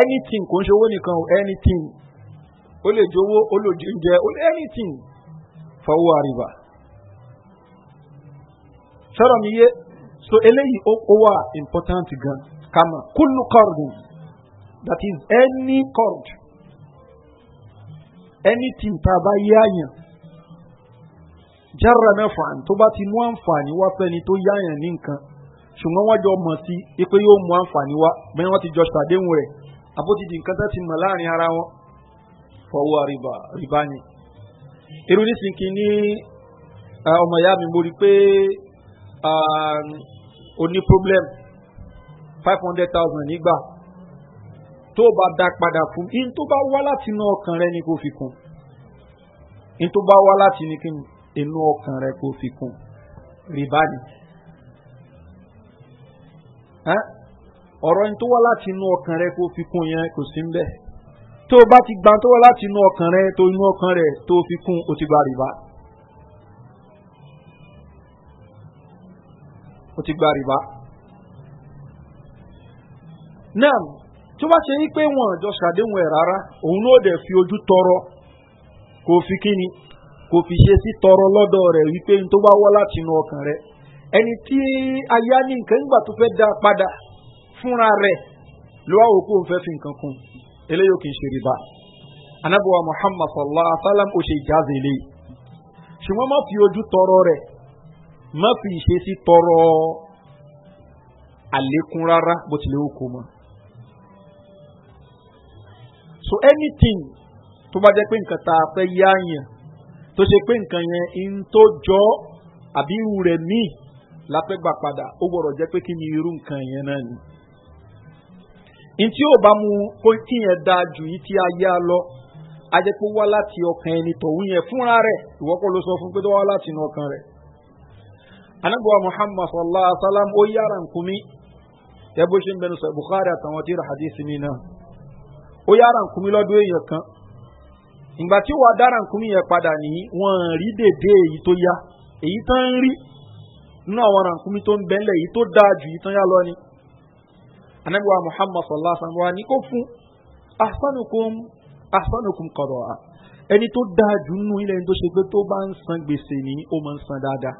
anything kò ń ṣe owó nìkan o anything ó lè jẹ owó ó lè jẹ oúnjẹ ó lè anything fọwọ́ àríwá sọ̀rọ̀ mi yé so eléyìí ó wà important gan kama kúlù kọ́ọ̀dù that is any cord, anything tá a bá yáyàn jára mẹ́fà tó bá ti mú àǹfààní wá fẹ́ni tó yáyàn ní nǹkan ṣùgbọ́n wọ́n jọ mọ̀ sí i pé yóò mú àǹfààní wá bẹ́ẹ̀ wọ́n ti jọ ṣàdéhùn rẹ̀ àbótidì nǹkan tó ti mọ̀ láàrin ara wọn fọwọ́ àríbá àríbá ni irú nísìnyí ní ọmọ ìyá mi mo rí pé o ní problem five hundred thousand nígbà tó bá dá padà fún in tó bá wá láti inú ọkàn rẹ ni kò fi kún in tó bá wá láti inú ọkàn rẹ kò fi kún rìbá ni ọ̀rọ̀ yẹn tó wá láti inú ọkàn rẹ kó fi kún yẹn kò sí ń bẹ̀ tó o bá ti gba tó wá láti inú ọkàn rẹ tó inú ọkàn rẹ tó fi kún o ti gba rìbá o ti gba rìbá náà tó bá ṣe yí pé wọn àjọ ṣàdéhùn ẹ rárá òun ló dẹ̀ fi ojú tọrọ kò fi kíni kò fi ṣe sí tọrọ lọ́dọ̀ rẹ̀ wípé n tó bá wọ́ láti inú ọkàn rẹ̀ ẹni tí aya ní nǹkan nígbà tó fẹ́ dá padà fúnra rẹ̀ ló wá òkú òun fẹ́ fi nǹkan kun eléyìí kì í ṣe rìbá anabuwa muhammad sallallahu alaihi wa sallam ó ṣe ìjáde eléyìí ṣùgbọ́n má fi ojú tọrọ rẹ̀ má fi ìṣesí tọrọ àlékún rárá bó tilẹ̀ ó mọ́ so anything tó bá jẹ́ pé nǹkan tá a fẹ́ yáàyàn tó ṣe pé nǹkan yẹn ń tó jọ àbí irú rẹ̀ míì lápẹ́ gbà padà ó gbọ́dọ̀ jẹ́ pé kí ni irú nǹkan yẹn náà ni ntí yóò bá mu kó tí yẹn da ju yìí tí a yá lọ a jẹ pé wá láti ọkàn ẹni tọ̀hún yẹn fúnra rẹ̀ ìwọ́pọ̀ ló sọ fún pé tó wá láti inú ọkàn rẹ̀. anabuwa muhammad sallallahu alaihi wa sallam ó yára nkumi yẹ bó ṣe ń bẹnu sọ bukhari àtàwọn tí ra hadith mi náà ó yára nkumi lọ́dún èèyàn kan ìgbà tí wàá dára nkumi yẹn padà nìyí wọn rí dèdè èyí tó yá èyí tán ń nínú àwọn rankumi tó ń bẹ́ńlẹ̀ èyí tó dáa ju èyí tán yá lọ ni anabi wa muhammad sallallahu alaihi wa sallam wa ni ko fún ahsanukum ahsanukum kọ̀dọ̀ a ẹni tó dáa jù nínú ilẹ̀ ẹni tó ṣe pé tó bá ń san gbèsè ní ó máa ń san dáadáa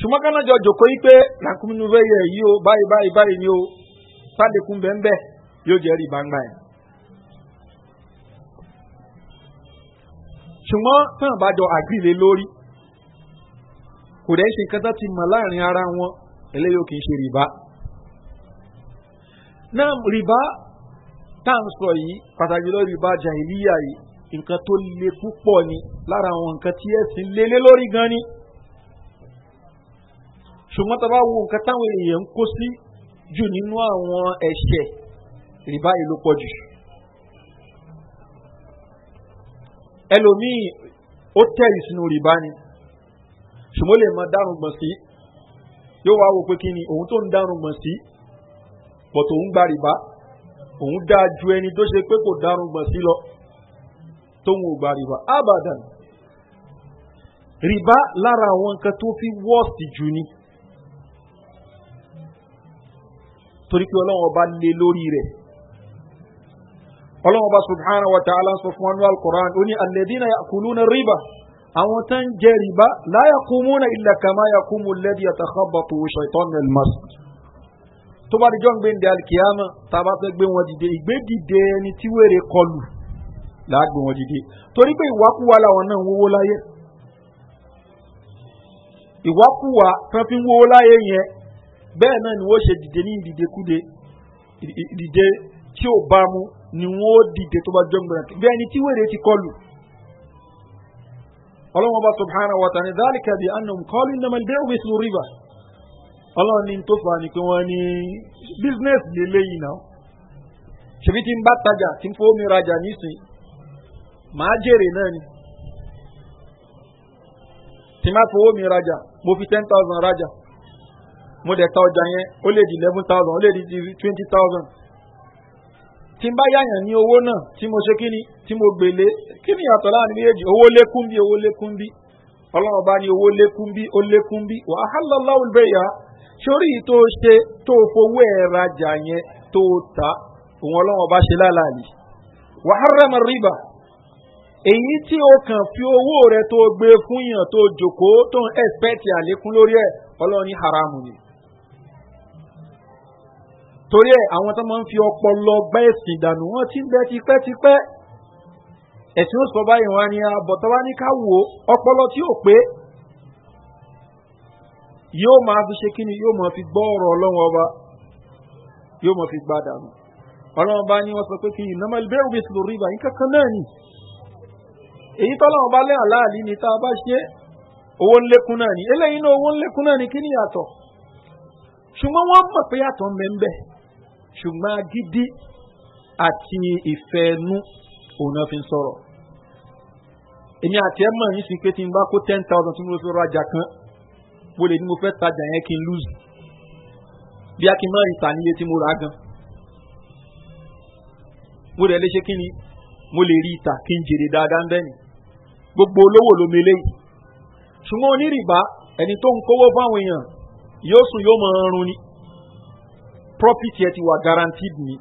ṣùgbọ́n káná jọ jòkó yí pé làkúnmínú fẹ́ yẹ yí o báyìí báyìí báyìí ni o sádẹkùn bẹ́ẹ̀ yóò jẹ́ rí gbangba yẹn. ṣùgbọ́n tán àbájọ àgbìlẹ̀ lórí kò dẹ́ ṣe nǹkan ti mọ̀ láàrin ara wọn eléyìí kì í ṣe rìbá náà riba, tá à ń sọ yìí pàtàkì lọ rìbá jàìlíyà yìí nǹkan tó le púpọ̀ ni lára àwọn nǹkan tí ẹ̀sìn lélé lórí gan ni ṣùgbọ́n tá a bá wo nǹkan táwọn èèyàn ń kó sí jù nínú àwọn ẹ̀ṣẹ̀ rìbá yìí ló pọ̀ jù ẹlòmíì ó tẹ̀lé sínú rìbá ni ṣùgbọ́n ó lè mọ dárùngbọ̀n sí yóò wá wo pé kí ni òun tó ń dárùngbọ̀n sí bọ̀tò òun gba rìbá òun dáa ju ẹni tó ṣe pé kò dárun gbọ̀n sí lọ tóun ò gba rìbá abadan rìbá lára àwọn nǹkan tó fi wọ́ọ̀sì jù ni torí pé ọlọ́wọ́n bá lé lórí rẹ̀ ọlọ́wọ́n bá subhanahu wa ta'ala sọ fún wọn alukoran ó ní alẹ́dínà kùlúnà rìbá àwọn tó ń jẹ rìbá láyà kúmúnà ilẹ̀ kàmá yà kúmú lẹ́dí àtàkàbàtò ṣàìtọ́nà ilmásì tó bá di jọ́ ń gbé ń de alikiyama tá a bá fẹ́ gbé wọn dìde ìgbé dìde ẹni tí wéèrè kọlù láàgbé wọn dìde torí pé ìwákúwa làwọn náà ń wówó láyé ìwákúwa tán fi ń wówó láyé yẹn bẹ́ẹ̀ náà ni wọ́n ṣe dìde ní ìdìdekúde ìdìde tí ò bá mu ni wọ́n dìde tó bá jọ́ ń gbé bí ti kọlù ọlọ́wọ́n bá subhanahu wa ta'ani dhalika bi annahum qalu innamal bay'u mithlu riba ọlọ́run ní tó fà ní pé wọ́n ní business lélẹ́ yìí náà ṣèbí tí ń bá tajà tí ń fowó mi rajà nísìn màá jèrè náà ni tí má fowó mi rajà mo fi ten thousand rajà mo dẹ̀ ta ọjà yẹn ó lè di eleven thousand ó lè di twenty thousand tí n bá yàyàn ní owó náà tí mo ṣe kíni tí mo gbèlé kíni yàtọ̀ láàrin méjèèjì owó lékún bí owó lékún bí ọlọ́run bá ní owó lékún bí ó lékún bí wàhálà láwùjọ ìyá sórí tó ṣe tó fowó ẹ̀ rajà yẹn tó ta òun ọlọ́wọ́n bá ṣe lálàálì wàhálàmà rìbà èyí tí o kàn fi owó rẹ tó gbé fún yàn tó jòkóó tó ń ẹ̀spẹ́tì àlékún lórí ẹ̀ e, ọlọ́run ní haramu ni torí ẹ e, àwọn tó máa ń fi ọpọlọ gbá ẹ̀sìn dànù wọ́n ti ń bẹ tipẹ́tipẹ́ ẹ̀sìn ó sọ báyìí wọn ni abọ̀tọ́ ah, wá ní ká wò ó ọpọlọ tí ò pé yóò máa fi ṣe kíni yóò máa fi gbọ́ ọ̀rọ̀ ọlọ́run ọba yóò máa fi gbá dànù ọlọ́run ọba ni wọ́n sọ pé kíni nàmọ́ ìbẹ̀rù bí sùlù rìbà yín kankan náà ni èyí tọ́lọ́run ọba lẹ́hàn láàlí ni tá a bá ṣe owó ńlẹ́kún náà ni eléyìí náà owó ńlẹ́kún náà ni kíni yàtọ̀ ṣùgbọ́n wọ́n mọ̀ pé yàtọ̀ mẹ́ńbẹ́ ṣùgbọ́n agídí àti ìfẹ́ òun náà fi ń sọ̀rọ̀ èmi àti ẹ̀ mọ̀ yín sí pé tí n bá kó ten thousand tí mo fi rajà kan mo lè ní mo fẹ́ tajà yẹn kí n lose bí a kì í má ìta níye tí mo rà gan mo dẹ̀ lè kí ni mo lè rí ìta kí n jèrè dáadáa ń bẹ́ẹ̀ ni gbogbo olówó ló mi léyìí ṣùgbọ́n onírìbá ẹni tó ń kówó fáwọn èèyàn yóò sùn yóò mọ ọrùn ni property ẹ ti wà guaranteed ni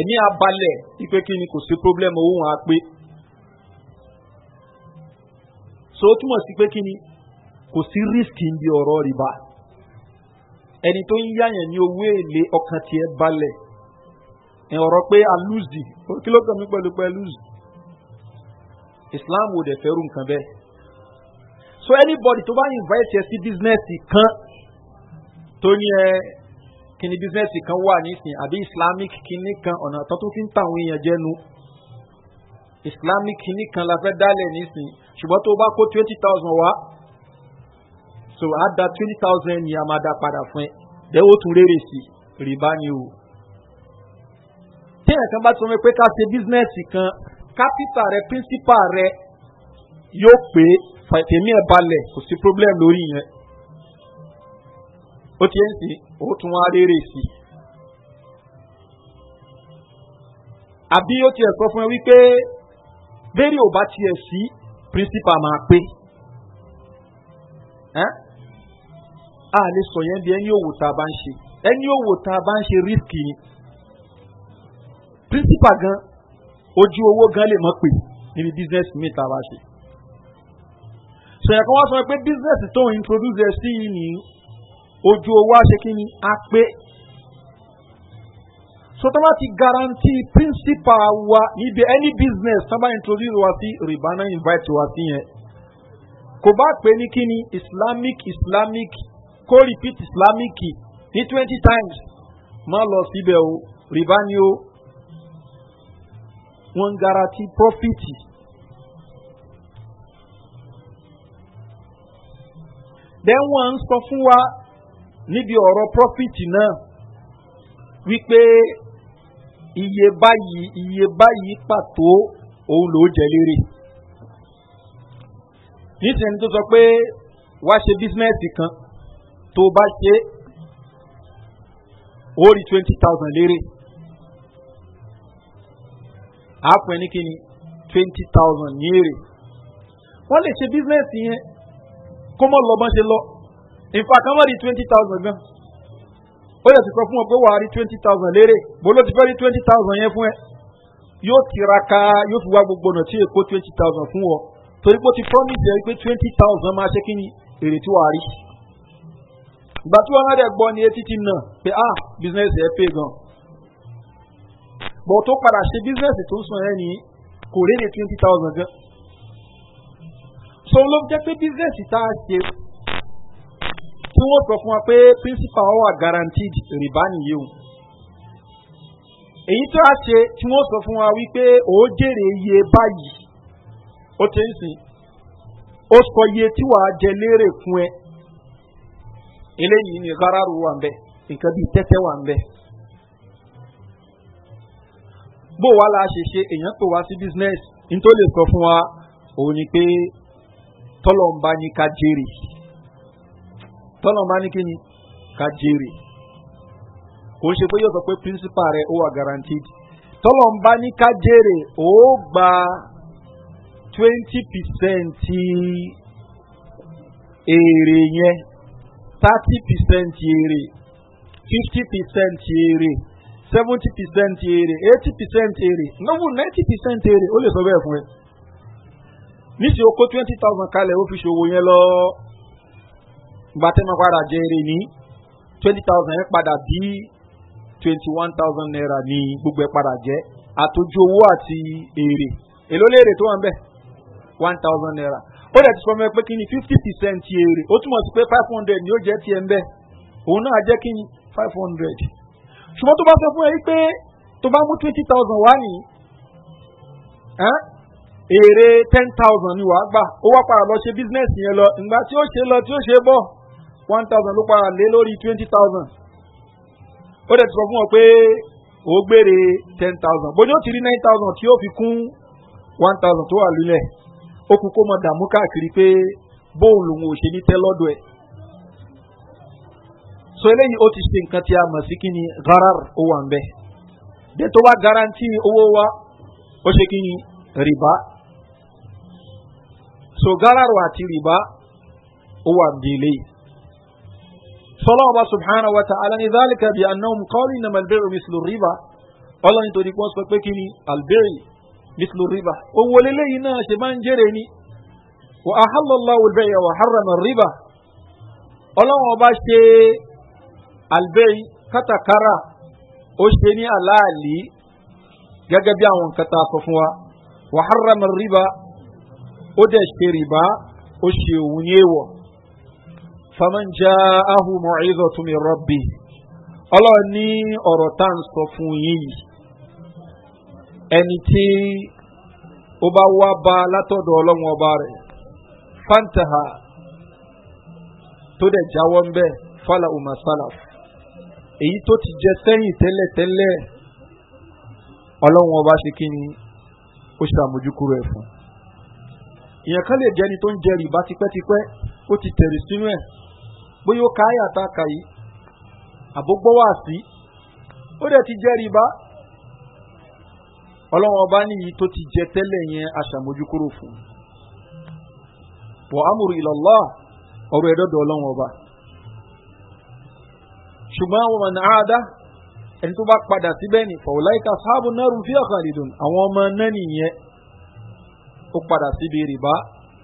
ẹ̀mí abalẹ̀ ipe kí ni kò sí problem owó wọn á pé so ó túmọ̀ sí pé kí ni kò sí risk ń bí ọ̀rọ̀ rìbá ẹni tó ń yáyàn ní owó èlé ọkàn tiẹ̀ balẹ̀ ọ̀rọ̀ pé a lùzì kí ló kàn mí pẹ̀lú pé lùzì islam ò dẹ̀ fẹ́rù nǹkan bẹ́ẹ̀ so anybody tó bá invite ẹ sí business kan tó ní ẹ kíni business kan wà nísìnyí àbí islamic kíní kan ọ̀nà tó tún fi ń tàwọn èèyàn jẹ́nu islamic kíní kan la fẹ́ dálẹ̀ nísìnyí ṣùgbọ́n tó bá kó twenty thousand wá so á da twenty thousand ni a máa dá padà fún ẹ dẹ́wọ́ tún rere sí rìbá ni o. téèyàn kan bá tún wọn pé ká ṣe bísínẹ́sì kan kápítà rẹ píńsípà rẹ yóò pé tèmi ẹ̀ balẹ̀ kò sí problem lórí yẹn ó ti ń sìn ó tún wá rere sí i. àbí ó tiẹ̀ sọ fún ẹ wípé bẹ́ẹ̀rì ò bá tiẹ̀ sí principal máa pé a le sọ yẹn di ẹni òwò tá a bá ń ṣe ẹni òwò tá a bá ń ṣe risk ni principal gan ojú owó gan lè mọ pé níbi business mi tá a bá ṣe sọ̀yìn kan wá sọ pé business tó ń introduce ẹ sí yìí nìyí ojú owó àṣekínní á pé so tó bá ti garanti principal wa níbi any business tó bá introduce wa sí rìbá invite wa sí yẹn kò bá pè ní kíni islamic islamic kó repeat islamic ní twenty times má lọ síbẹ̀ o rìbá ni o wọ́n ń garanti profit. then wọ́n ń sọ fún wa níbi ọ̀rọ̀ profit náà wípé iye báyìí iye báyìí pàtó òun ló jẹ lérè nítorí tó sọ pé wá ṣe bísínẹ́sì kan tó bá ṣe ó rí twenty thousand lérè àápọn ẹni kí ni twenty thousand ní èrè wọ́n lè ṣe bísíǹsì yẹn kó mọ̀ lọ́ bá ṣe lọ nfa kan wọ́n rí twenty thousand gan ó yẹ ti sọ fún ọ pé wàá rí twenty thousand lérè bó ló ti fẹ́ rí twenty thousand yẹn fún ẹ yóò tiraka yóò fi wá gbogbo ọ̀nà tí èkó twenty thousand fún ọ torí pé ó ti promise ẹ pé twenty thousand máa ṣe kí ni èrè tí wàá rí ìgbà tí wọn náà dẹ̀ gbọ́ ni etí ti nà pé ah business ẹ̀ pé gan bọ̀ tó padà ṣe business tó ń sùn ẹ̀ ní kò rí ní twenty thousand gan so ló jẹ́ pé business tá a ṣe tí wọ́n sọ fún wa pé principal wà guaranteed rìbá nìyí o èyí tó a ṣe tí wọ́n sọ fún wa wípé ó jèrè iye báyìí ó ti ń sìn ó sọ iye tí wàá jẹ lérè fún ẹ eléyìí ni gararu wà nbẹ nǹkan bíi tẹ́tẹ́ wà nbẹ. bó wa la ṣe ṣe èèyàn tó wá sí business nítorí lè sọ fún wa òun ni pé tọ́lọ̀mbá ní ká jèrè tọ́lọ̀mbá ní kí ni ká jèrè kò ń ṣe pé yóò sọ pé principal rẹ̀ ó wà guaranteed tọ́lọ̀mbá ní ká jèrè ó gba twenty percent èrè yẹn thirty percent èrè fifty percent èrè seventy percent èrè eighty percent èrè nọ́wù ninety percent èrè O le sọ bẹ́ẹ̀ fún ẹ. níṣẹ́ o kó twenty thousand kalẹ̀ o fi ṣòwò yẹn lọ gbàtẹ́ máa padà jẹ twenty thousand yẹn padà bí twenty one thousand naira ni gbogbo ẹ̀ padà jẹ́ àtòjú owó àti èrè èló lè èrè tó wà ń one thousand naira ó dẹ̀ ti sọ fún pé kí ni fifty percent èrè ó túmọ̀ sí pé five hundred ni ó jẹ́ tiẹ̀ ń bẹ́ òun náà jẹ́ kí ni five hundred ṣùgbọ́n tó bá sọ fún ẹ pé tó bá mú twenty thousand wá ní èrè ten thousand ni wàá gbà ó wá padà lọ ṣe business yẹn lọ ìgbà tí ó ṣe lọ tí ó ṣe bọ̀ one thousand ló padà lé lórí twenty thousand ó dẹ̀ ti sọ fún ọ pé ó gbére ten thousand bójú ó ti rí nine thousand tí ó fi kún one thousand tó wà lulẹ̀ ó kú kó mọ dààmú káàkiri pé bóun lòun ò ṣe ní tẹ́ lọ́dọ̀ ẹ̀ so eléyìí ó ti ṣe nǹkan tí a mọ̀ sí kíni gharar ó wà ń bẹ́ dé tó bá garanti owó wa ó ṣe kíni rìbá so gharar àti rìbá ó wà bí eléyìí sọlọ́ọ̀bá subhanahu wa ta'ala ni zálìkà bí anáhùn kọ́lì nàmàlbẹ́rù mísìlú rìbá ọlọ́ni torí pé mithlu riba owó lélẹ́yìn náà ṣe máa ń jèrè ni wà á hàlọ́lá olùbẹ̀yẹ wà hàràmà riba ọlọ́wọ́n ọba ṣe albẹ́yì kátàkárà ó ṣe ní aláàlí gẹ́gẹ́ bí àwọn nǹkan tá a sọ fún wa wà hàràmà riba ó dẹ̀ ṣe riba ó ṣe òun ní èèwọ̀ famanja ahu mọ̀ ẹ́dọ̀ tún mi rọ́bì ọlọ́ọ̀ ní ọ̀rọ̀ tá à ń sọ fún yín ẹni tí ó bá wá ba látọ̀dọ̀ ọlọ́run ọba rẹ̀ fantaha tó dẹ̀ jáwọ́ ń bẹ́ fala umar salaf èyí tó ti jẹ sẹ́yìn tẹ́lẹ̀tẹ́lẹ̀ ọlọ́run ọba ṣe kí ni ó ṣàmójúkúrò ẹ̀ fún ìyẹn kan lè jẹni tó ń jẹ rìbá tipẹ́tipẹ́ ó ti tẹ̀rì sínú ẹ̀ bóyá ó ká àyàtà kàyí àbógbọ́wà ó dẹ̀ ti jẹ rìbá ọlọ́wọ́n ọba níyì tó ti jẹ tẹ́lẹ̀ yẹn aṣàmójúkúrò fún wọ́n amúrú ìlọ́lá ọ̀rọ̀ ẹ̀dọ́dọ̀ ọlọ́wọ́n ọba ṣùgbọ́n àwọn ọmọ àádá ẹni tó bá padà síbẹ̀ ní fọ̀wọ́láìka sáàbù náà rú fí ọ̀kan àdìdùn àwọn ọmọ náà nìyẹn ó padà síbi rìbá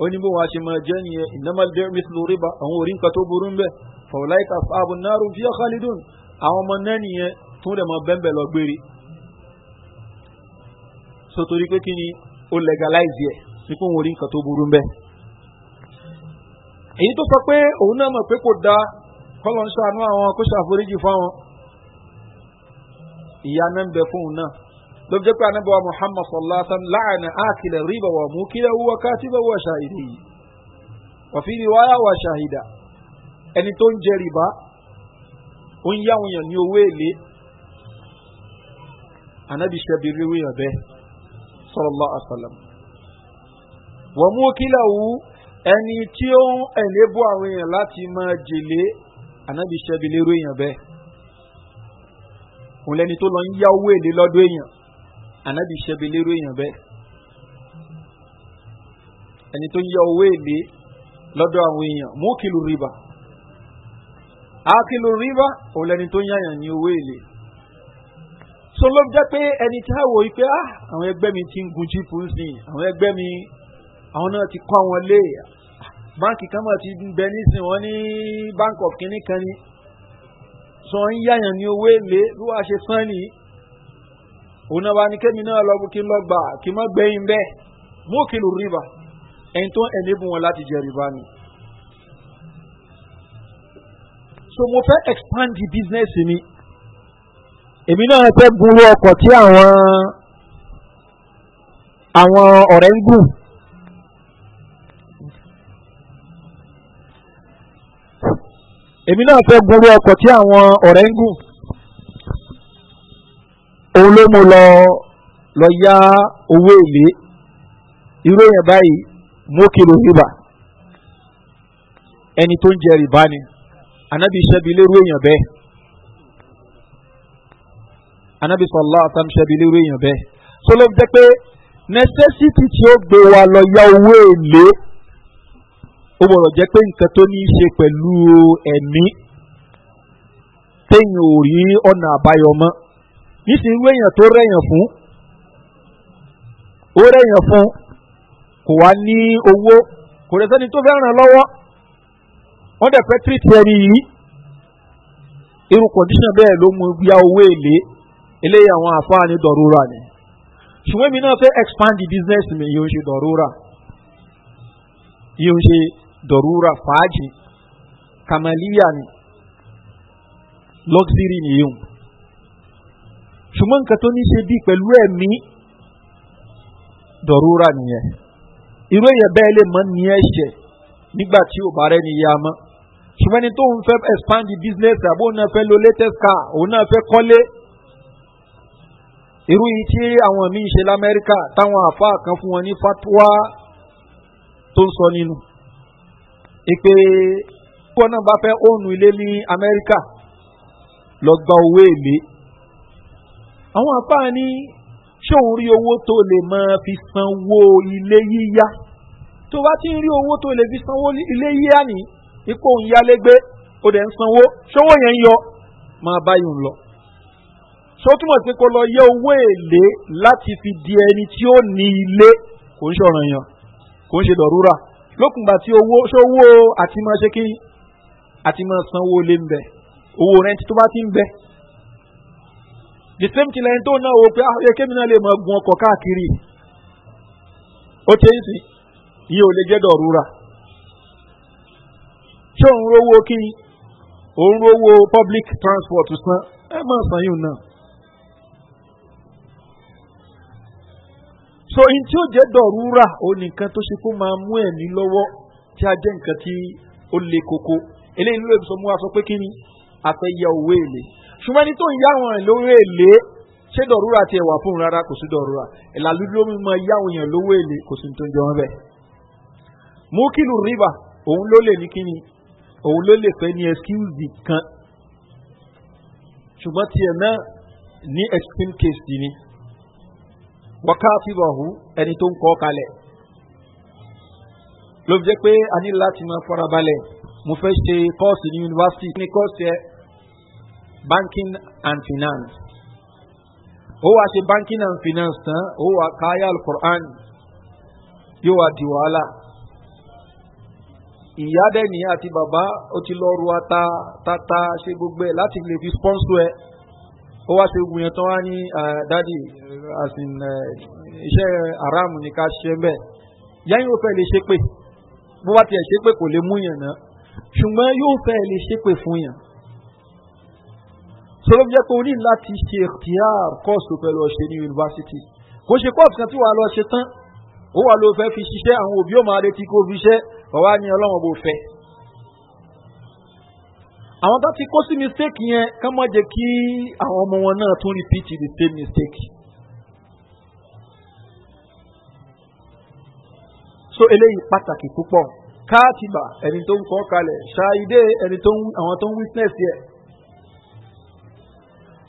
ó ní bó wọn ṣe máa jẹ́ nìyẹn ìnámàlẹ́dẹ́ mísìlú rìbá àwọn orí nǹkan tó burú ń bẹ̀ sáàbù náà rú fí àwọn ọmọ náà nìyẹn tó dẹ̀ mọ bẹ́ẹ̀ lọ gbére so torí pé kí ni ó legalize yẹ ní kó wọn rí nǹkan tó burú mbẹ. èyí tó sọ pé òun náà mọ̀ pé kò da kọ́lọ̀ ń ṣàánú àwọn kó ṣàforíjì fáwọn ìyá náà ń bẹ fún òun náà ló jẹ́ pé anábẹ́wà muhammad sallallahu alaihi láàánú àkìlẹ̀ rìbà wà mú kílẹ̀ wúwa káàtìbà wà ṣàhìdì yìí wàfíìrì wáyà wà ṣàhìdà ẹni tó ń jẹ rìbá ó ń yáwọn èèyàn ní owó èlé anábìṣẹ́ bíi ríwé yàn bẹ́ẹ̀ sọlọ́lá àṣàlẹ̀. wọ́n mú kílà wú ẹni tí ó ń ẹ̀lẹ́bù àwọn èèyàn láti máa jèlé ànábì ṣẹ́bi lérò èèyàn bẹ́ẹ̀. òun lẹni tó lọ ń yá owó èlé lọ́dọ̀ èèyàn ànábì ṣẹ́bi lérò èèyàn bẹ́ẹ̀. ẹni tó ń yá owó èlé lọ́dọ̀ àwọn èèyàn mú kìlù rìbá. ákìlù rìbá òun lẹni tó ń yáyàn ní owó èlé so ló jẹ́ pé ẹni tí a wò yí pé ah, àwọn ẹgbẹ́ mi ti ń gun jíìpù sí àwọn ẹgbẹ́ mi àwọn náà ti kọ́ wọn lé báńkì kan máa ti bẹ nísìn wọn ní bank of kínní kan ni sọ ń yáyàn ní owó èlé bí wàá ṣe sán ni òun náà wá ní kémi náà lọ kí n lọ gbà kí má gbẹ̀yìn bẹ́ẹ̀ mú kí lù rìbà ẹni tó ń ẹ̀nẹ́bù wọn láti jẹ rìbá ni. so mo fẹ́ expand the business mi èmi náà fẹ́ gunrú ọkọ̀ tí àwọn àwọn ọ̀rẹ́ ń gùn èmi náà fẹ́ gunrú ọkọ̀ tí àwọn ọ̀rẹ́ ń gùn òun ló mú lọ lọ yá owó èlé irú èèyàn báyìí mú kìlò rìbá ẹni tó ń jẹ rìbá ni ànábì ìṣẹ́bi lérú èèyàn bẹ́ẹ̀ anabi sọlá àtàm ṣẹbílẹ irú èèyàn bẹ́ẹ̀ tó ló jẹ́ pé necessity tí ó gbé wa lọ ya owó èlé ó gbọ́dọ̀ jẹ́ pé nǹkan tó ní í ṣe pẹ̀lú ẹ̀mí téèyàn ò rí ọ̀nà àbáyọ mọ́ nísìnyí irú èèyàn tó rẹ̀yàn fún ó rẹ̀yàn fún kò wá ní owó kò rẹ̀ sẹ́ni tó fẹ́ ràn lọ́wọ́ wọ́n dẹ̀ fẹ́ tírìtì ẹni yìí irú kọ̀díṣàn bẹ́ẹ̀ ló mú ya owó èlé eléyìí àwọn àfáà ní dọ̀rúra ni ṣùgbọ́n èmi náà fẹ́ expand the business mi yìí ó ń ṣe dọ̀rúra yìí ó ń ṣe dọ̀rúra fàájì kàmàlíyà ni luxury ni yìí ṣùgbọ́n nǹkan tó ní ṣe bí pẹ̀lú ẹ̀mí dọ̀rúra nìyẹn irú èèyàn bẹ́ẹ̀ lè mọ ní ẹ̀ṣẹ̀ nígbà tí ò bá rẹ̀ ní ya mọ́ ṣùgbọ́n ẹni tó ń fẹ́ expand the business àbó náà fẹ́ lo latest car òun náà fẹ́ kọ́lé irú yìí tí àwọn míì ṣe lamẹ́ríkà táwọn àfáà kan fún wọn ní fatuwa tó ń sọ nínú ìpè púpọ̀ náà bá fẹ́ òònù ilé ní amẹ́ríkà lọ gba owó èlé àwọn àfáà ní ṣòun rí owó tó lè máa fi sanwó ilé yíyá tó bá ti ń rí owó tó lè fi sanwó ilé yíyá ní ipò òun yálégbé ó dẹ̀ ń sanwó ṣówó yẹn ń yọ máa báyìí ń lọ tó túmọ̀ sí kó lọ yẹ owó èlé láti fi di ẹni tí ó ní ilé kò ń ṣọ̀ràn yàn kò ń ṣe dọ̀rúrà lókùngbà tí owó ṣówó àti máa ṣe kí àti máa san owó lé ń bẹ owó rẹ tó bá ti ń bẹ the same thing ẹni tó náà wò pé ayé ah, náà lè máa gun ọkọ̀ káàkiri ó ṣe ń sìn yìí ò lè jẹ́ dọ̀rúrà ṣé òun rówó kí òun rówó public transport san ẹ máa san yìí náà so in tí ó jẹ́ dọ̀rúra ó ní nǹkan tó ṣe kó máa mú ẹ̀mí lọ́wọ́ tí a jẹ́ nǹkan tí ó le koko eléyìí ló lè sọ mú wa sọ pé kí ni àfẹ́yẹ òwe èlé ṣùgbọ́n ẹni tó ń yá àwọn lówó èlé ṣé dọ̀rúra ti ẹ̀wà fún un rárá kò sí dọ̀rúra ìlà lúdú omi mọ yá àwọn èèyàn lówó èlé kò sí tó ń bẹ́ẹ̀. mú kìlù rìbà òun ló lè ní kíni òun ló lè fẹ́ ní ẹskíwìsì kan ṣùgbọ́n tiẹ̀ náà ní extreme case ni wọ́kàtìbọ̀hù ẹni tó ń kọ́ kalẹ̀ ló fi jẹ́ pé a ní láti máa farabalẹ̀ mo fẹ́ ṣe kọ́ọ̀sì ní yunifásitì ní kọ́ọ̀sì ẹ banking and finance ó wàá ṣe banking and finance tán ó wàá káyà alukur'an yóò wá di wàhálà ìyá dẹ́ni àti bàbá ó ti lọ́ọ́ ru ata tata ṣe gbogbo ẹ̀ láti lè fi sponsor ẹ̀ ó wá sí ogun yẹn tán wá ní ah, dádì eh, iṣẹ́ aráàmù ní ká ṣe ń bẹ̀ yẹ́yìn ó fẹ́ lè ṣe pé bó bá tiẹ̀ ṣe pé kò lè mú yàn náà ṣùgbọ́n yóò fẹ́ lè ṣe pé fún yàn sọ́dọ̀ jẹ́ pé o ní láti ṣe tíyàr kọ́ọ̀sì tó fẹ́ lọ ṣe ní yunifásitì kò ṣe kọ́ọ̀sì kan tí wàá lọ ṣe tán ó wà ló fẹ́ fi ṣiṣẹ́ àwọn òbí ò máa retí kó fi ṣẹ́ bàbá ní ọlọ́wọ́n bó fẹ́ àwọn tó ti kó sí mistake yẹn ká má jẹ́ kí àwọn ọmọ wọn náà tún repeat the same mistake. so eléyìí pàtàkì púpọ̀ káàtìbà ẹni tó ń kọ́ kalẹ̀ ṣáìdé ẹni tó ń àwọn tó ń witness yẹ.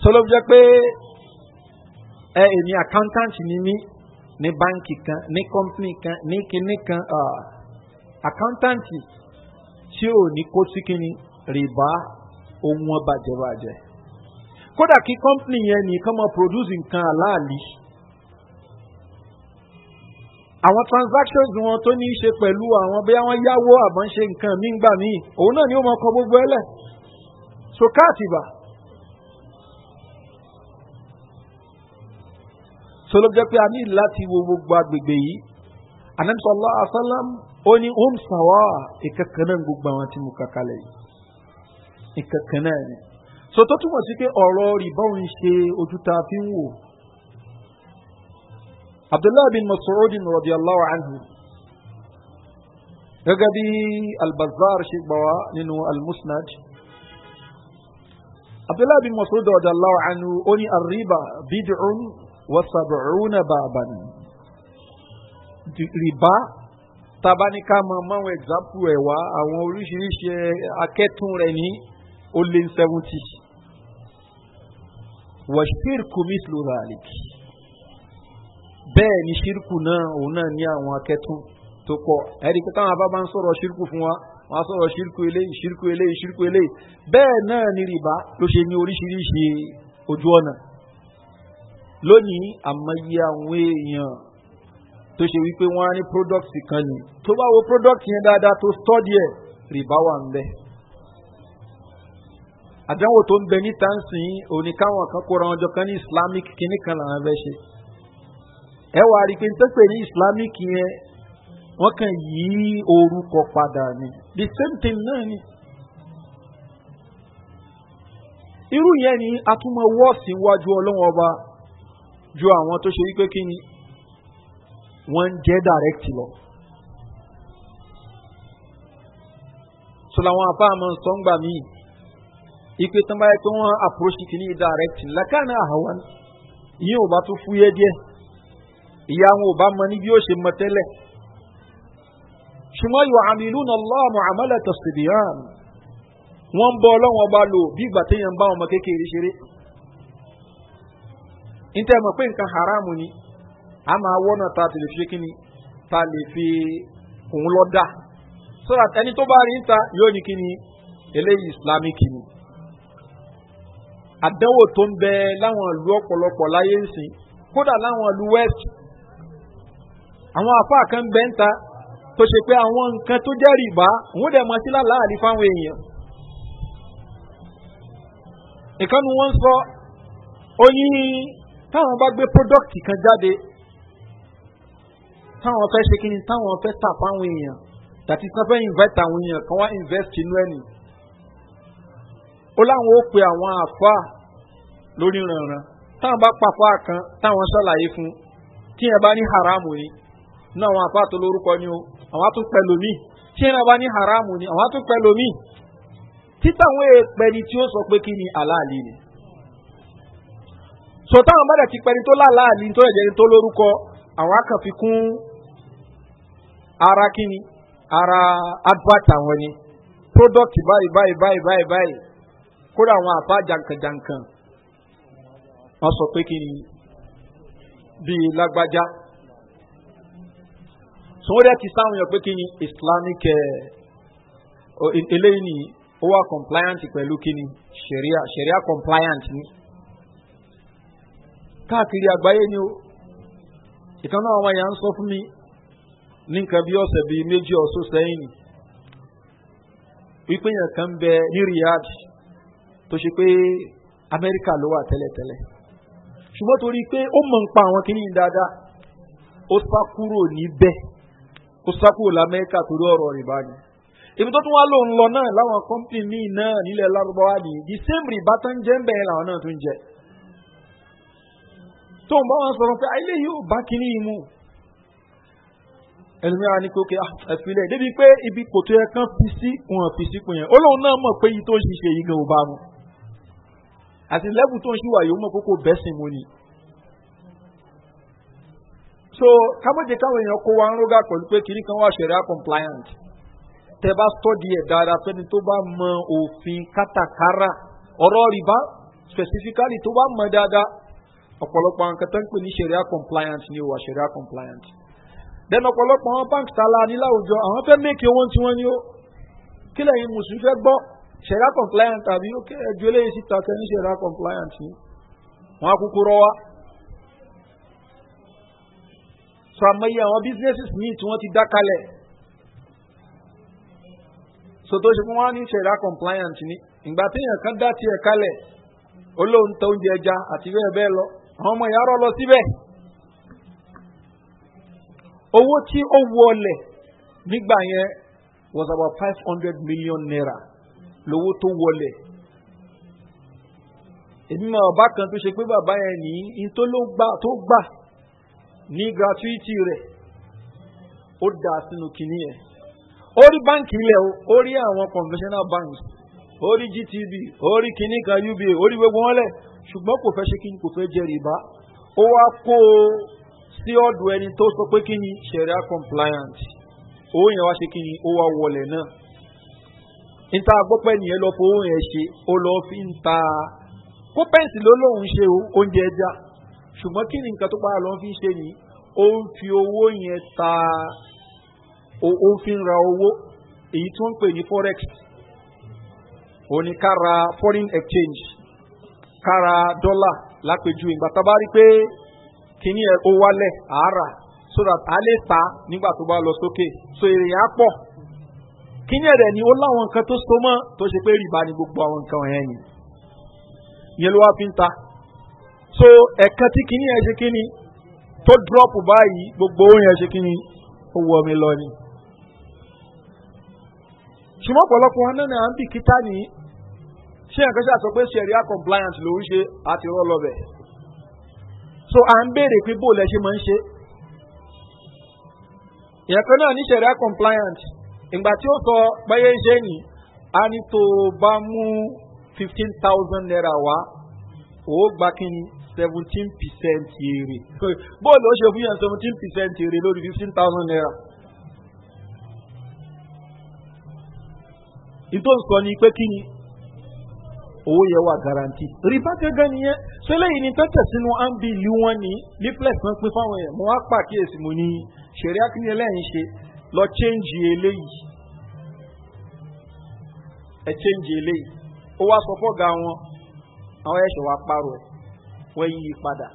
sọlọ́ jẹ́ pé ẹ èmi accountant ni mí ní báńkì kan ní company kan ní kinní kan ah, accountant tí ò ní kó sí kinní rìbá ohun wọn bàjẹ́bàjẹ́ kódà kí kọ́mpìnì yẹn nìkan mọ produce nǹkan aláàlì àwọn transactions wọn tó ní í ṣe pẹ̀lú àwọn bí wọ́n yáwó àmọ́ ṣe nǹkan mí gbà mí òun náà ni ó mọ kọ gbogbo ẹlẹ̀ so káàtì bá. so ló jẹ́ pé a ní láti wo gbogbo agbègbè yìí anamsọ́lá asálàm ó ní ó sàwọ́ ìkẹ́kẹ́ náà gbogbo àwọn tí mo kàkálẹ̀ yìí nǹkan kan náà ni so tó túmọ̀ sí pé ọ̀rọ̀ rìbọ́n ṣe ojú ta fi ń wò abdullahi bin masoodin rabi allahu anhu gẹ́gẹ́ bí albazar ṣe gbà wá nínú almusnad abdullahi bin masoodin rabi allahu anhu ó ní arriba bid'un wa sab'una baban riba tabanika mọ mọ example ẹ àwọn oríṣiríṣi akẹ́tùn rẹ̀ ní ó lé ní seventy wà ṣírkù mítlù ràlìk bẹ́ẹ̀ ni ṣírkù náà òun náà ní àwọn akẹ́tún tó pọ̀ ẹ̀rí pé táwọn abábá ń sọ̀rọ̀ ṣírkù fún wa wọ́n á sọ̀rọ̀ ṣírkù eléyìí ṣírkù eléyìí ṣírkù eléyìí bẹ́ẹ̀ náà ni rìbá ló ṣe ní oríṣiríṣi ojú ọ̀nà lónìí àmọye àwọn èèyàn tó ṣe wípé wọ́n á ní product kan ni tó bá wo product yẹn dáadáa tó stọ́ díẹ̀ rìbá wà ń bẹ́ẹ̀ àdánwò tó ń bẹ níta ń sìn òní káwọn kan kóra wọn jọ kan ní islamic kìíní kan làwọn fẹ́ ṣe ẹ wàá rí i pé nítorí pé ní islamic yẹn wọ́n kàn yí orúkọ padà ni the same thing náà ni irú yẹn ni a tún mọ wọ́ọ̀sì wájú ọlọ́wọ́n ọba ju àwọn tó ṣe wípé kí ni wọ́n ń jẹ́ direct lọ. sọlá wọn afáàmọ́ sọ́ngbà míì ipe tán báyìí pé wọ́n approach kìíní direct lakana ahawan ìyẹn ò bá tún fúyẹ́ díẹ̀ ìyá wọn ò bá mọ ní bí ó ṣe mọ tẹ́lẹ̀ ṣùgbọ́n yóò àmìlú náà lọ́ọ̀mù àmọ́lẹ̀ tọ̀sídìyàn wọ́n ń bọ́ ọlọ́wọ́n bá lò bí ìgbà téèyàn bá wọn mọ kékeré ṣeré níta mọ̀ pé nǹkan haramu ni a máa wọ́nà ta tèlè fi kíni ta lè fi òun lọ́ dà sọ́dà ẹni tó bá rí níta yóò ní kíni eléyìí islamic ni àdánwò tó ń bẹ láwọn ìlú ọ̀pọ̀lọpọ̀ láyé ń sìn kódà láwọn ìlú west àwọn àfáà kan bẹ ń ta tó ṣe pé àwọn nǹkan tó jẹ́ rìbá òun dẹ̀ mọ sí láàlì fáwọn èèyàn ìkànnì wọn sọ oyin táwọn bá gbé pọ́dọ́kì kan jáde táwọn fẹ́ ṣe kí ni táwọn fẹ́ tà fáwọn èèyàn tàbí tí wọ́n àwọn èèyàn kan wá invest inú ẹ̀ nì ó láwọn ó pe àwọn àfáà lórí ìrànràn táwọn bá pàfà kan táwọn ṣàlàyé fún tí ẹ bá ní haramu ni náà àwọn àpá lórúkọ ni o àwọn á tún pẹ lómi tí ẹ bá ní haramu ni àwọn á tún pẹ lómi títàwọn èèpẹni tí ó sọ pé kí ni aláàlí ni so táwọn bá dẹ̀ ti pẹni tó láàlí tó ẹ̀jẹ̀ ni tó lórúkọ àwọn á fi kún ara kí ni ara advert àwọn ni product báyìí báyìí báyìí báyìí báyìí kódà àwọn àpá jankan jankan wọ́n sọ pé kí ni bíi lágbájá sọ́wọ́dẹ́ ti sáwọn yàn pé kí ni islamic eh, e, eléyìí ni ó wà compliant pẹ̀lú kí ni sharia sharia compliant ni káàkiri àgbáyé ni ó ìkan náà àwọn èèyàn ń sọ fún mi ní nǹkan bí ọ̀sẹ̀ bíi méjì ọ̀sọ́ sẹ́yìn ni wípé yẹn kan bẹ ní riyadh tó ṣe pé amẹ́ríkà ló wà tẹ́lẹ̀tẹ́lẹ̀ ṣùgbọ́n torí pé ó mọ̀ ń pa àwọn kìnìún dáadáa ó sá kúrò níbẹ̀ ó sá kúrò lamẹ́ríkà torí ọ̀rọ̀ rìbá ni ibi tó tún wá lòun lọ náà láwọn kọ́ńpì míì náà nílẹ̀ lárúbáwá ni the same rìbá tó ń jẹ́ ń bẹ̀rẹ̀ làwọn náà tó ń jẹ tó ń bá wọn sọ̀rọ̀ pé ayé ah, yóò bá kìnìún mu ẹlòmíràn ni ah, kókè ẹ̀fílẹ̀ débi pé ibi kòtò yẹn kan fi sí kùn fi sí kùn yẹn ó lóun náà mọ̀ pé iye tó ń ṣiṣẹ́ yìí gan ò bá mu àti lẹ́bù tó ń ṣíwà yóò mọ̀ kókó bẹ́sìn mu ni. so kámọ́jẹ́ káwọn èèyàn kó wa ń rógà pẹ̀lú pé kiri kan wà ṣẹ̀rẹ́ compliant tẹ bá sọ́ọ̀dì ẹ̀ dáadáa fẹ́ni tó bá mọ òfin kátàkárà ọ̀rọ̀ rìbá specifically tó bá mọ dáadáa ọ̀pọ̀lọpọ̀ àwọn kan tó ń pè ní ṣẹ̀rẹ́ compliant ni wà ṣẹ̀rẹ́ compliant. then ọ̀pọ̀lọpọ̀ àwọn banks tá a la ní láwùjọ àwọn fẹ́ mẹ́kì owó tí wọ́n ní ó kílẹ̀ yìí mùsùlùmí fẹ́ gbọ́ ṣẹ̀dá compliant tàbí ó kẹ́ ẹjọ́ lẹ́yìn síta kẹ́ ní compliant ni wọ́n á kúkú So, sọ àmọ́yé àwọn businesses míì tí wọ́n ti dá kalẹ̀ so tó ṣe fún wọn ní ṣẹ̀dá compliant ni ìgbà téèyàn kan dá tiẹ̀ kalẹ̀ olóhùn tó ń jẹ ẹja àti bẹ́ẹ̀ bẹ́ẹ̀ lọ àwọn ọmọ ìyá rọ̀ lọ síbẹ̀ owó tí ó wọlé nígbà yẹn was about five hundred million naira lowó tó wọlẹ̀ èmi mọ ọba kan tó ṣe pé bàbá yẹn ní in tó ló gbà tó gbà ní gratuity rẹ̀ ó dà sínú kìíní yẹn ó rí báǹkì ilẹ̀ ó rí àwọn conventional banks ó rí gtb ó rí kìíní kan uba ó rí gbogbo wọn lẹ̀ ṣùgbọ́n kò fẹ́ ṣe kí ni kò fẹ́ jẹ rìbá ó wá kó o sí ọ̀dọ̀ ẹni tó sọ pé kí ni sharia compliant ó yẹn wá ṣe kí ni ó wá wọlé náà níta gbọ́pẹ́ nìyẹn lọ fowó yẹn ṣe ó lọ fi ń ta kópẹ́ǹsì ló lóun ṣe oúnjẹ ẹja ṣùgbọ́n kí ni nǹkan tó bá lọ fi ń ṣe ni ó ń fi owó yẹn ta ó ń fi ń ra owó èyí tó ń pè ní forex òun ká ra foreign exchange ká ra dọ́là lápèjúwe ìgbà tá a bá rí pé kíní ẹ̀ ó wálẹ̀ àárà so that a lè ta nígbà tó bá lọ sókè so èrè á pọ̀ kínyẹ̀ rẹ̀ ni ó láwọn nǹkan tó so mọ́ tó ṣe pé rìbá ni gbogbo àwọn nǹkan ọ̀hẹ́ ni ìyẹn ló wá fi ń ta so ẹ̀kan tí kíní ẹ̀ ṣe kíní tó dúrọ́pù báyìí gbogbo owó yẹn ṣe kíní ó wọ mi lọ ni ṣùgbọ́n ọ̀pọ̀lọpọ̀ wọn náà à ń bì kíta ní ṣé ẹ̀kan ṣe àsọ pé sẹ̀ríà compliance ló ń ṣe àti rọ́ lọ́bẹ̀ so à ń béèrè pé bó lẹ ṣe máa ń ṣe ìyẹn kan náà ní sẹ̀ríà compliance ìgbà tí ó sọ pẹ́yẹ́ ṣe ni a ní tó bá mú fifteen thousand naira wá ó gba kí ni seventeen percent èrè bóòlù ó ṣe fún yàn seventeen percent èrè lórí fifteen thousand naira. ìtò ń sọ ni pé kí ni owó yẹn wà garanti rìbá gẹ́gẹ́ nìyẹn sẹ́lẹ̀ yìí ni tẹ́tẹ̀ sínú áńbìlì wọn ni leaflet kan pín fáwọn yẹn mo wá pàkíyèsí mo ní ṣẹ̀rí akínyẹlẹ́ ṣe lọ chéǹjì eléyìí ẹ chéǹjì eléyìí ó wá sọ fọ́gà wọn àwọn ẹ̀ṣẹ̀ wa parọ́ ẹ̀ wọ́n yí i padà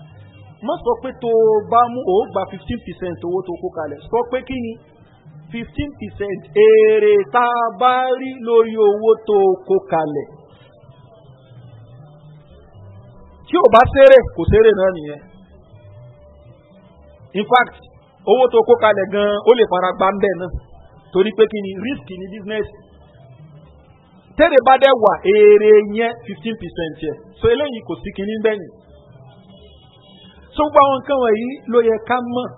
má sọ pé tó o bá mú o gba fifteen percent owó tó kó kalẹ̀ sọ pé kí ni fifteen percent èrè tá a bá rí lórí owó tó kó kalẹ̀ tí o bá sẹ́rẹ̀ kò sẹ́rẹ̀ náà nìyẹn in fact owó tó kó kalẹ̀ gan ó lè fara gbá ń náà torí pé kí ni risk ni business tẹ́lẹ̀ bá dẹ̀ wà èrè yẹn fifteen percent yẹ so eléyìí kò sí kinní bẹ́yìn so gbogbo àwọn nǹkan wọ̀nyí ló yẹ ká mọ̀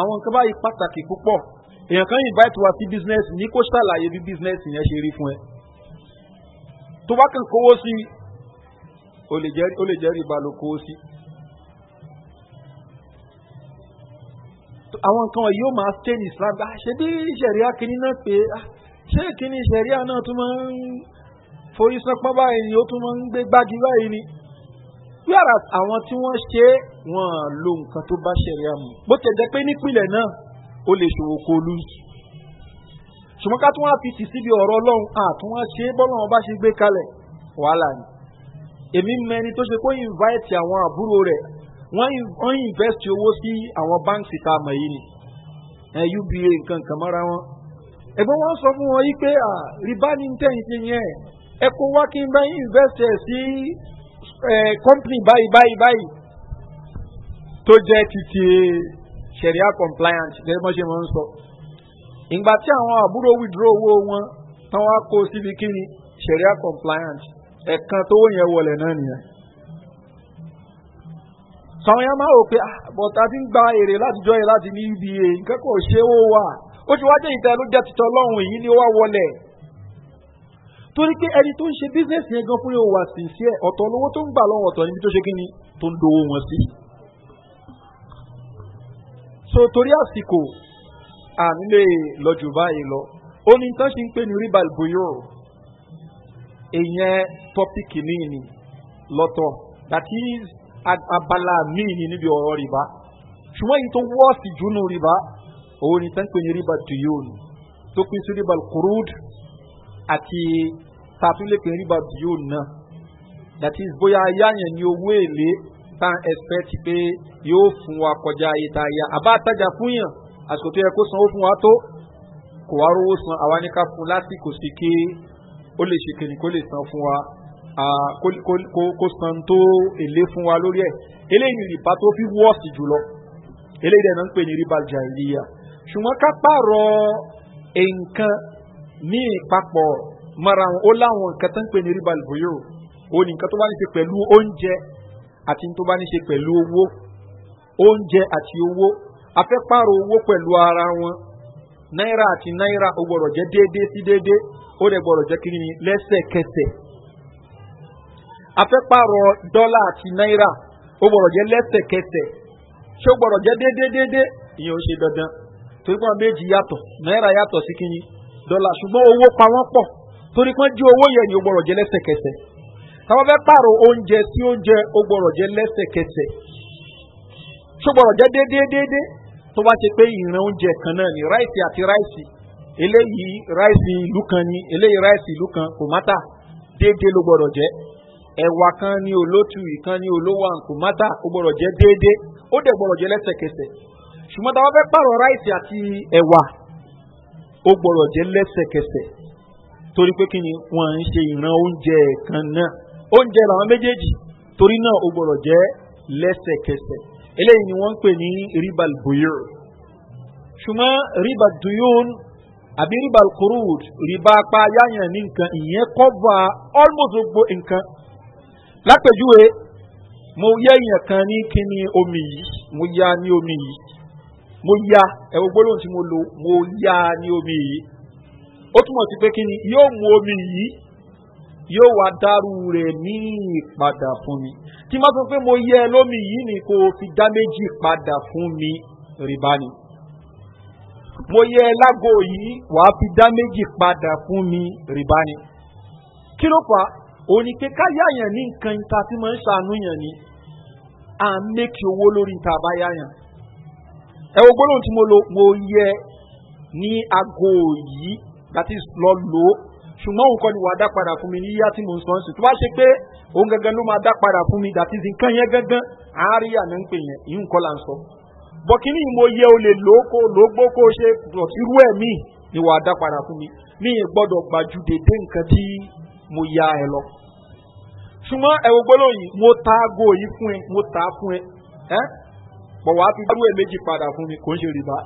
àwọn nǹkan báyìí pàtàkì púpọ̀ èèyàn kan invite wa sí business ní kó ṣàlàyé bí business yẹn ṣe rí fún ẹ tó bá kàn kówó sí o lè jẹ́ riba ló kówó sí. Si àwọn nǹkan yìí yóò máa ṣe ní islam ah, ṣe bí ìṣẹ̀ríà kìíní náà pé ah, ṣé kìíní ìṣẹ̀ríà náà tún máa ń forí sánpọ́n báyìí ni ó tún máa ń gbé gbági báyìí ni yàrá àwọn tí wọ́n ṣe wọ́n lo nǹkan tó bá ṣẹ̀ríà mu bó tẹ̀ jẹ́ pé nípìnlẹ̀ náà ó lè ṣòwò kó lu ṣùgbọ́n ká tún wá fi tì síbi ọ̀rọ̀ ọlọ́run àtúnwá ṣe bọ́lọ́run bá ṣe gbé kalẹ̀ wàhálà ni èmi mẹ́ni tó ṣe kó invite àwọn àbúrò rẹ̀ wọ́n invest owó sí àwọn báńkì tá a mọ̀ yìí ni uba nǹkan kan mọ́ra wọn. ẹ̀gbọ́n wọn sọ fún wọn yìí pé rìbá ni ń tẹ̀yìntì yẹn ẹ kó wá kí n bá invest sí company báyìí báyìí báyìí tó jẹ́ títí sharia compliant gẹ́gẹ́ bọ́n ṣe máa ń sọ. ìgbà tí àwọn àbúrò withdraw owó wọn tán wá kó síbi kí ni sharia compliant ẹ̀kan tó wọ́n yẹn wọlé náà nìyẹn sàwọn yẹn máa wò pé ah, bọ̀tà ti ń gba èrè látijọ́ yẹn láti ní ibi èyí nǹkan kò ṣe é wà ó ti wá jẹ́ ìta ẹnu jẹ́ titọ́ lọ́hùn èyí ni ó wá wọlé torí pé ẹni tó ń ṣe bísíǹsì yẹn gan fún yóò wà sí sí ẹ ọ̀tọ̀ lówó tó ń gbà lọ́wọ́ ọ̀tọ̀ níbi tó ṣe kí tó ń dowó wọn sí. so torí àsìkò à nílé lọ́jọ́ báyìí lọ ó ní tán ṣe ń pè ní ribal boyo èèyàn tọ́pìkì míì ni lọ́tọ̀ that is abala míì ni níbi ọ̀rọ̀ rìbá ṣùgbọ́n èyí tó wọ́ọ̀sì júnú rìbá òun ni tán pè ní rìbá dùyóònù tó pín sí rìbá kurud àti tàtúlẹ̀ rìbá dùyóònù náà that is bóyá yáyàn ní owó èlé tán expect pé yóò fún wa kọjá ìta ya àbá àtajà fún yàn àsìkò tó yẹ kó sanwó fún wa tó kò wá rówó san àwa ní ká fún lásìkò sí kí ó lè ṣe kìnnìkó lè san fún wa kó san tó èlé fún wa lórí ẹ̀ eléyìí rìbá tó fi wọ́ọ̀sì jùlọ eléyìí dẹ̀ náà ń pè ní rìbá jàìlíyà ṣùgbọ́n ká pààrọ̀ nǹkan ní ìpapọ̀ mara wọn ó láwọn nǹkan tó ń pè ní rìbá lùbúyò ó ní nǹkan tó bá ní ṣe pẹ̀lú oúnjẹ àti tó bá ní ṣe pẹ̀lú owó oúnjẹ àti owó afẹ́ pààrọ̀ owó pẹ̀lú ara wọn náírà àti náírà ó gbọ́dọ̀ jẹ́ déédéé sí déédéé ó dẹ̀ gbọ́dọ̀ jẹ́ kí ni lẹ́sẹ̀kẹsẹ̀ afẹ́pàrọ̀ dọ́là àti náírà ó gbọ́dọ̀ jẹ́ lẹ́sẹ̀kẹsẹ̀ ṣé ó gbọ́dọ̀ jẹ́ déédéédéé ìyẹn ò ṣe dandan torí pé wọn méjì yàtọ̀ náírà yàtọ̀ sí kínní dọ́là ṣùgbọ́n owó pa pọ̀ torí pé jí owó yẹn ni ó gbọ́dọ̀ jẹ́ lẹ́sẹ̀kẹsẹ̀ táwọn fẹ́ pààrọ̀ oúnjẹ sí oúnjẹ ó gbọ́dọ̀ jẹ́ lẹ́sẹ̀kẹsẹ̀ ṣó gbọ́dọ̀ jẹ́ déédéédéé tó bá ṣe pé ìran ni ráìsì àti ráìsì eléyìí ráìsì ìlú kan ni eléyìí ráìsì ìlú kan kò ẹ̀wà kan ní olótù ìkan ní olówó àǹkù mátà ó gbọ́dọ̀ jẹ́ déédéé ó dẹ̀ gbọ́dọ̀ jẹ́ lẹ́sẹ̀kẹsẹ̀ ṣùgbọ́n táwọn fẹ́ pààrọ̀ ráìsì àti ẹ̀wà ó gbọ́dọ̀ jẹ́ lẹ́sẹ̀kẹsẹ̀ torí pé kí ni wọ́n ń ṣe ìran oúnjẹ kan náà oúnjẹ làwọn méjèèjì torí náà ó gbọ́dọ̀ jẹ́ lẹ́sẹ̀kẹsẹ̀ eléyìí ni wọ́n ń pè ní ribal buyur ṣùgbọ́n ribal duyun àbí ribal kurud riba apá yáyàn ní nǹkan ìyẹn kọ́ bá almost gbogbo nǹkan lápèjúwe mo yẹ èèyàn kan ní kíni omi yìí mo ya ní omi yìí mo ya ẹ̀wọ̀ gbólóhùn tí mo lo mo ya ní omi yìí ó túmọ̀ sí pé kíni yóò mu omi yìí yóò wá dárú rẹ̀ ní ìpadà fún mi tí má sọ pé mo yẹ lómi yìí ni kò fi dá méjì padà fún mi rìbá ni mo yẹ lágbo yìí wàá fi dá méjì padà fún mi rìbá ni kí ló fà òní pé káyà yàn ní nǹkan ìta tí ya ń ṣàánú yàn ni à ń mékì owó lórí ìta àbáyá yàn ẹ wo gbólóhùn tí mo lo mo yẹ ní aago yìí láti lọ lò ó ṣùgbọ́n òun kọ́ ni wàá dá padà fún mi ní yíyá tí mo ń sọ ń sìn tó bá ṣe gangan ló máa dá padà fún mi is nǹkan yẹn gangan àáríyà ní ń pè yẹn ìyún kọ́ là ń sọ mo yẹ o lè lò ó kó lò ṣe ni wàá mi mi ì gbọ́dọ̀ gbàjú dédé mo ya ẹ lọ ṣùgbọ́n ẹ wo gbólóyìn mo ta aago yìí fún ẹ mo ta fún ẹ ẹ bọ̀ wá fi dúró méjì padà fún mi kò ń ṣe rìbá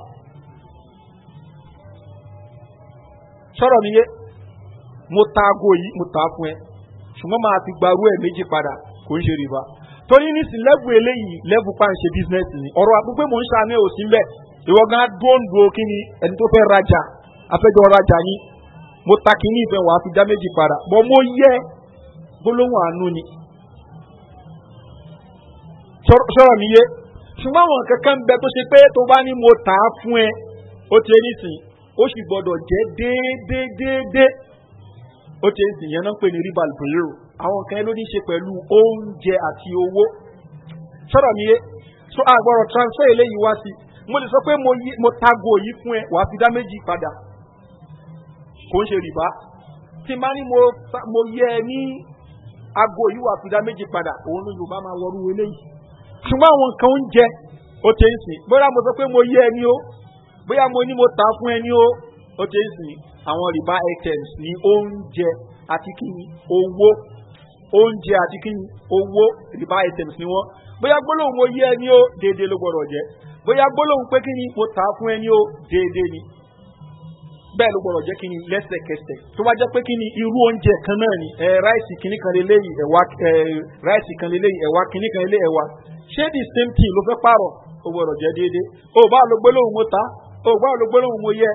sọ̀rọ̀ mi yé mo ta aago yìí mo ta fún ẹ ṣùgbọ́n máa ti gbarú ẹ padà kò ń ṣe rìbá torí nísìnyí lẹ́bù eléyìí lẹ́bù pa ń ṣe bísínẹ́sì ni ọ̀rọ̀ àpò pé mò ń ṣàánú ẹ̀ òsínbẹ̀ ìwọ gan dúró ń dúró kí ni ẹni tó fẹ́ rajà afẹ́jọ́ rajà yín mo ta kínní ìfẹ́ wàá fi dá méjì padà bọ́ mo yẹ gbólóhùn àánú ni sọ̀rọ̀ mi yé ṣùgbọ́n àwọn kankan ń bẹ tó ṣe pé tó bá ní mo tà á fún ẹ ó ti ní sìn ó sì gbọ́dọ̀ jẹ́ déédéédéé ó ti ń sìn yẹn náà ń pè ní ribal bèrò àwọn kan ló ní ṣe pẹ̀lú oúnjẹ àti owó sọ̀rọ̀ mi yé so àgbọ̀rọ̀ transfer eléyìí wá sí mo lè sọ pé mo tago yìí fún ẹ wàá fi dá méjì padà kò ń ṣe rìbá tí n bá ní mo yẹ ní aago yìí wà fìdá méjì padà òun ní yorùbá máa wọrú wọlé yìí ṣùgbọ́n àwọn nǹkan oúnjẹ ó ti ń sìn bóyá mo sọ pé mo yẹ ẹni o bóyá mo ní mo ta fún ẹni o ó ti ń sìn àwọn rìbá items ní oúnjẹ àti kíni owó oúnjẹ àti kíni owó rìbá items ni wọ́n bóyá gbólóhùn mo yẹ ẹni o déédéé ló gbọ́dọ̀ jẹ́ bóyá gbólóhùn pé kíni mo ta fún ẹni o déédéé ni bẹ́ẹ̀ ló gbọ́dọ̀ jẹ́ kí ni lẹ́sẹ̀kẹsẹ̀ tó bá jẹ́ pé kí ni irú oúnjẹ kan náà ni ẹ ráìsì kìíní kan lélẹ́yìn ẹ̀wà ẹ ráìsì kan lélẹ́yìn ẹ̀wà kìíní kan lélẹ́yìn ẹ̀wà ṣé the same thing ló fẹ́ pààrọ̀ ó gbọ́dọ̀ jẹ́ déédéé ó bá lo gbólóhùn mo ta ó bá lo gbólóhùn mo yẹ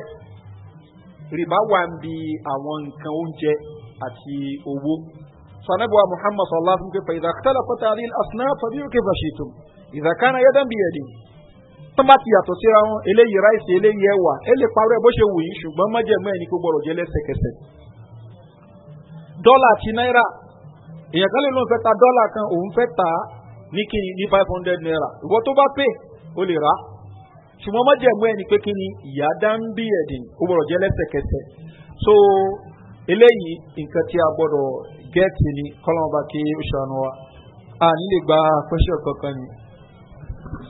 rìbá wà ń bi àwọn nǹkan oúnjẹ àti owó sanabuwa muhammad sallallahu alaihi wa sallam kò fẹ́ ìdàkítàlà kọ́tà àdìl asnáà tó bá ti yàtọ̀ síra wọn eléyìí ráìsì eléyìí ẹwà ẹ lè parọ́ ẹ bó ṣe wù yín ṣùgbọ́n mọ́jẹ̀mọ́ ẹni kó gbọ́dọ̀ jẹ́ lẹ́sẹ̀kẹsẹ̀. dọ́là àti náírà èèyàn kan lè lóun fẹ́ ta dọ́là kan òun fẹ́ ta ní kí ní five hundred naira ìwọ tó bá pè ó lè rà á ṣùgbọ́n mọ́jẹ̀mọ́ ẹni pé kí ni ìyá dáńbí ẹ̀dìn ó gbọ́dọ̀ jẹ́ lẹ́sẹ̀kẹsẹ̀ so eléyìí nǹkan tí a gbọ́dọ̀ gẹ́ẹ̀tì ni kọ́lọ́mọba kí ó ṣàánú wa à nílè gba pẹ́ṣẹ̀ kankan ni.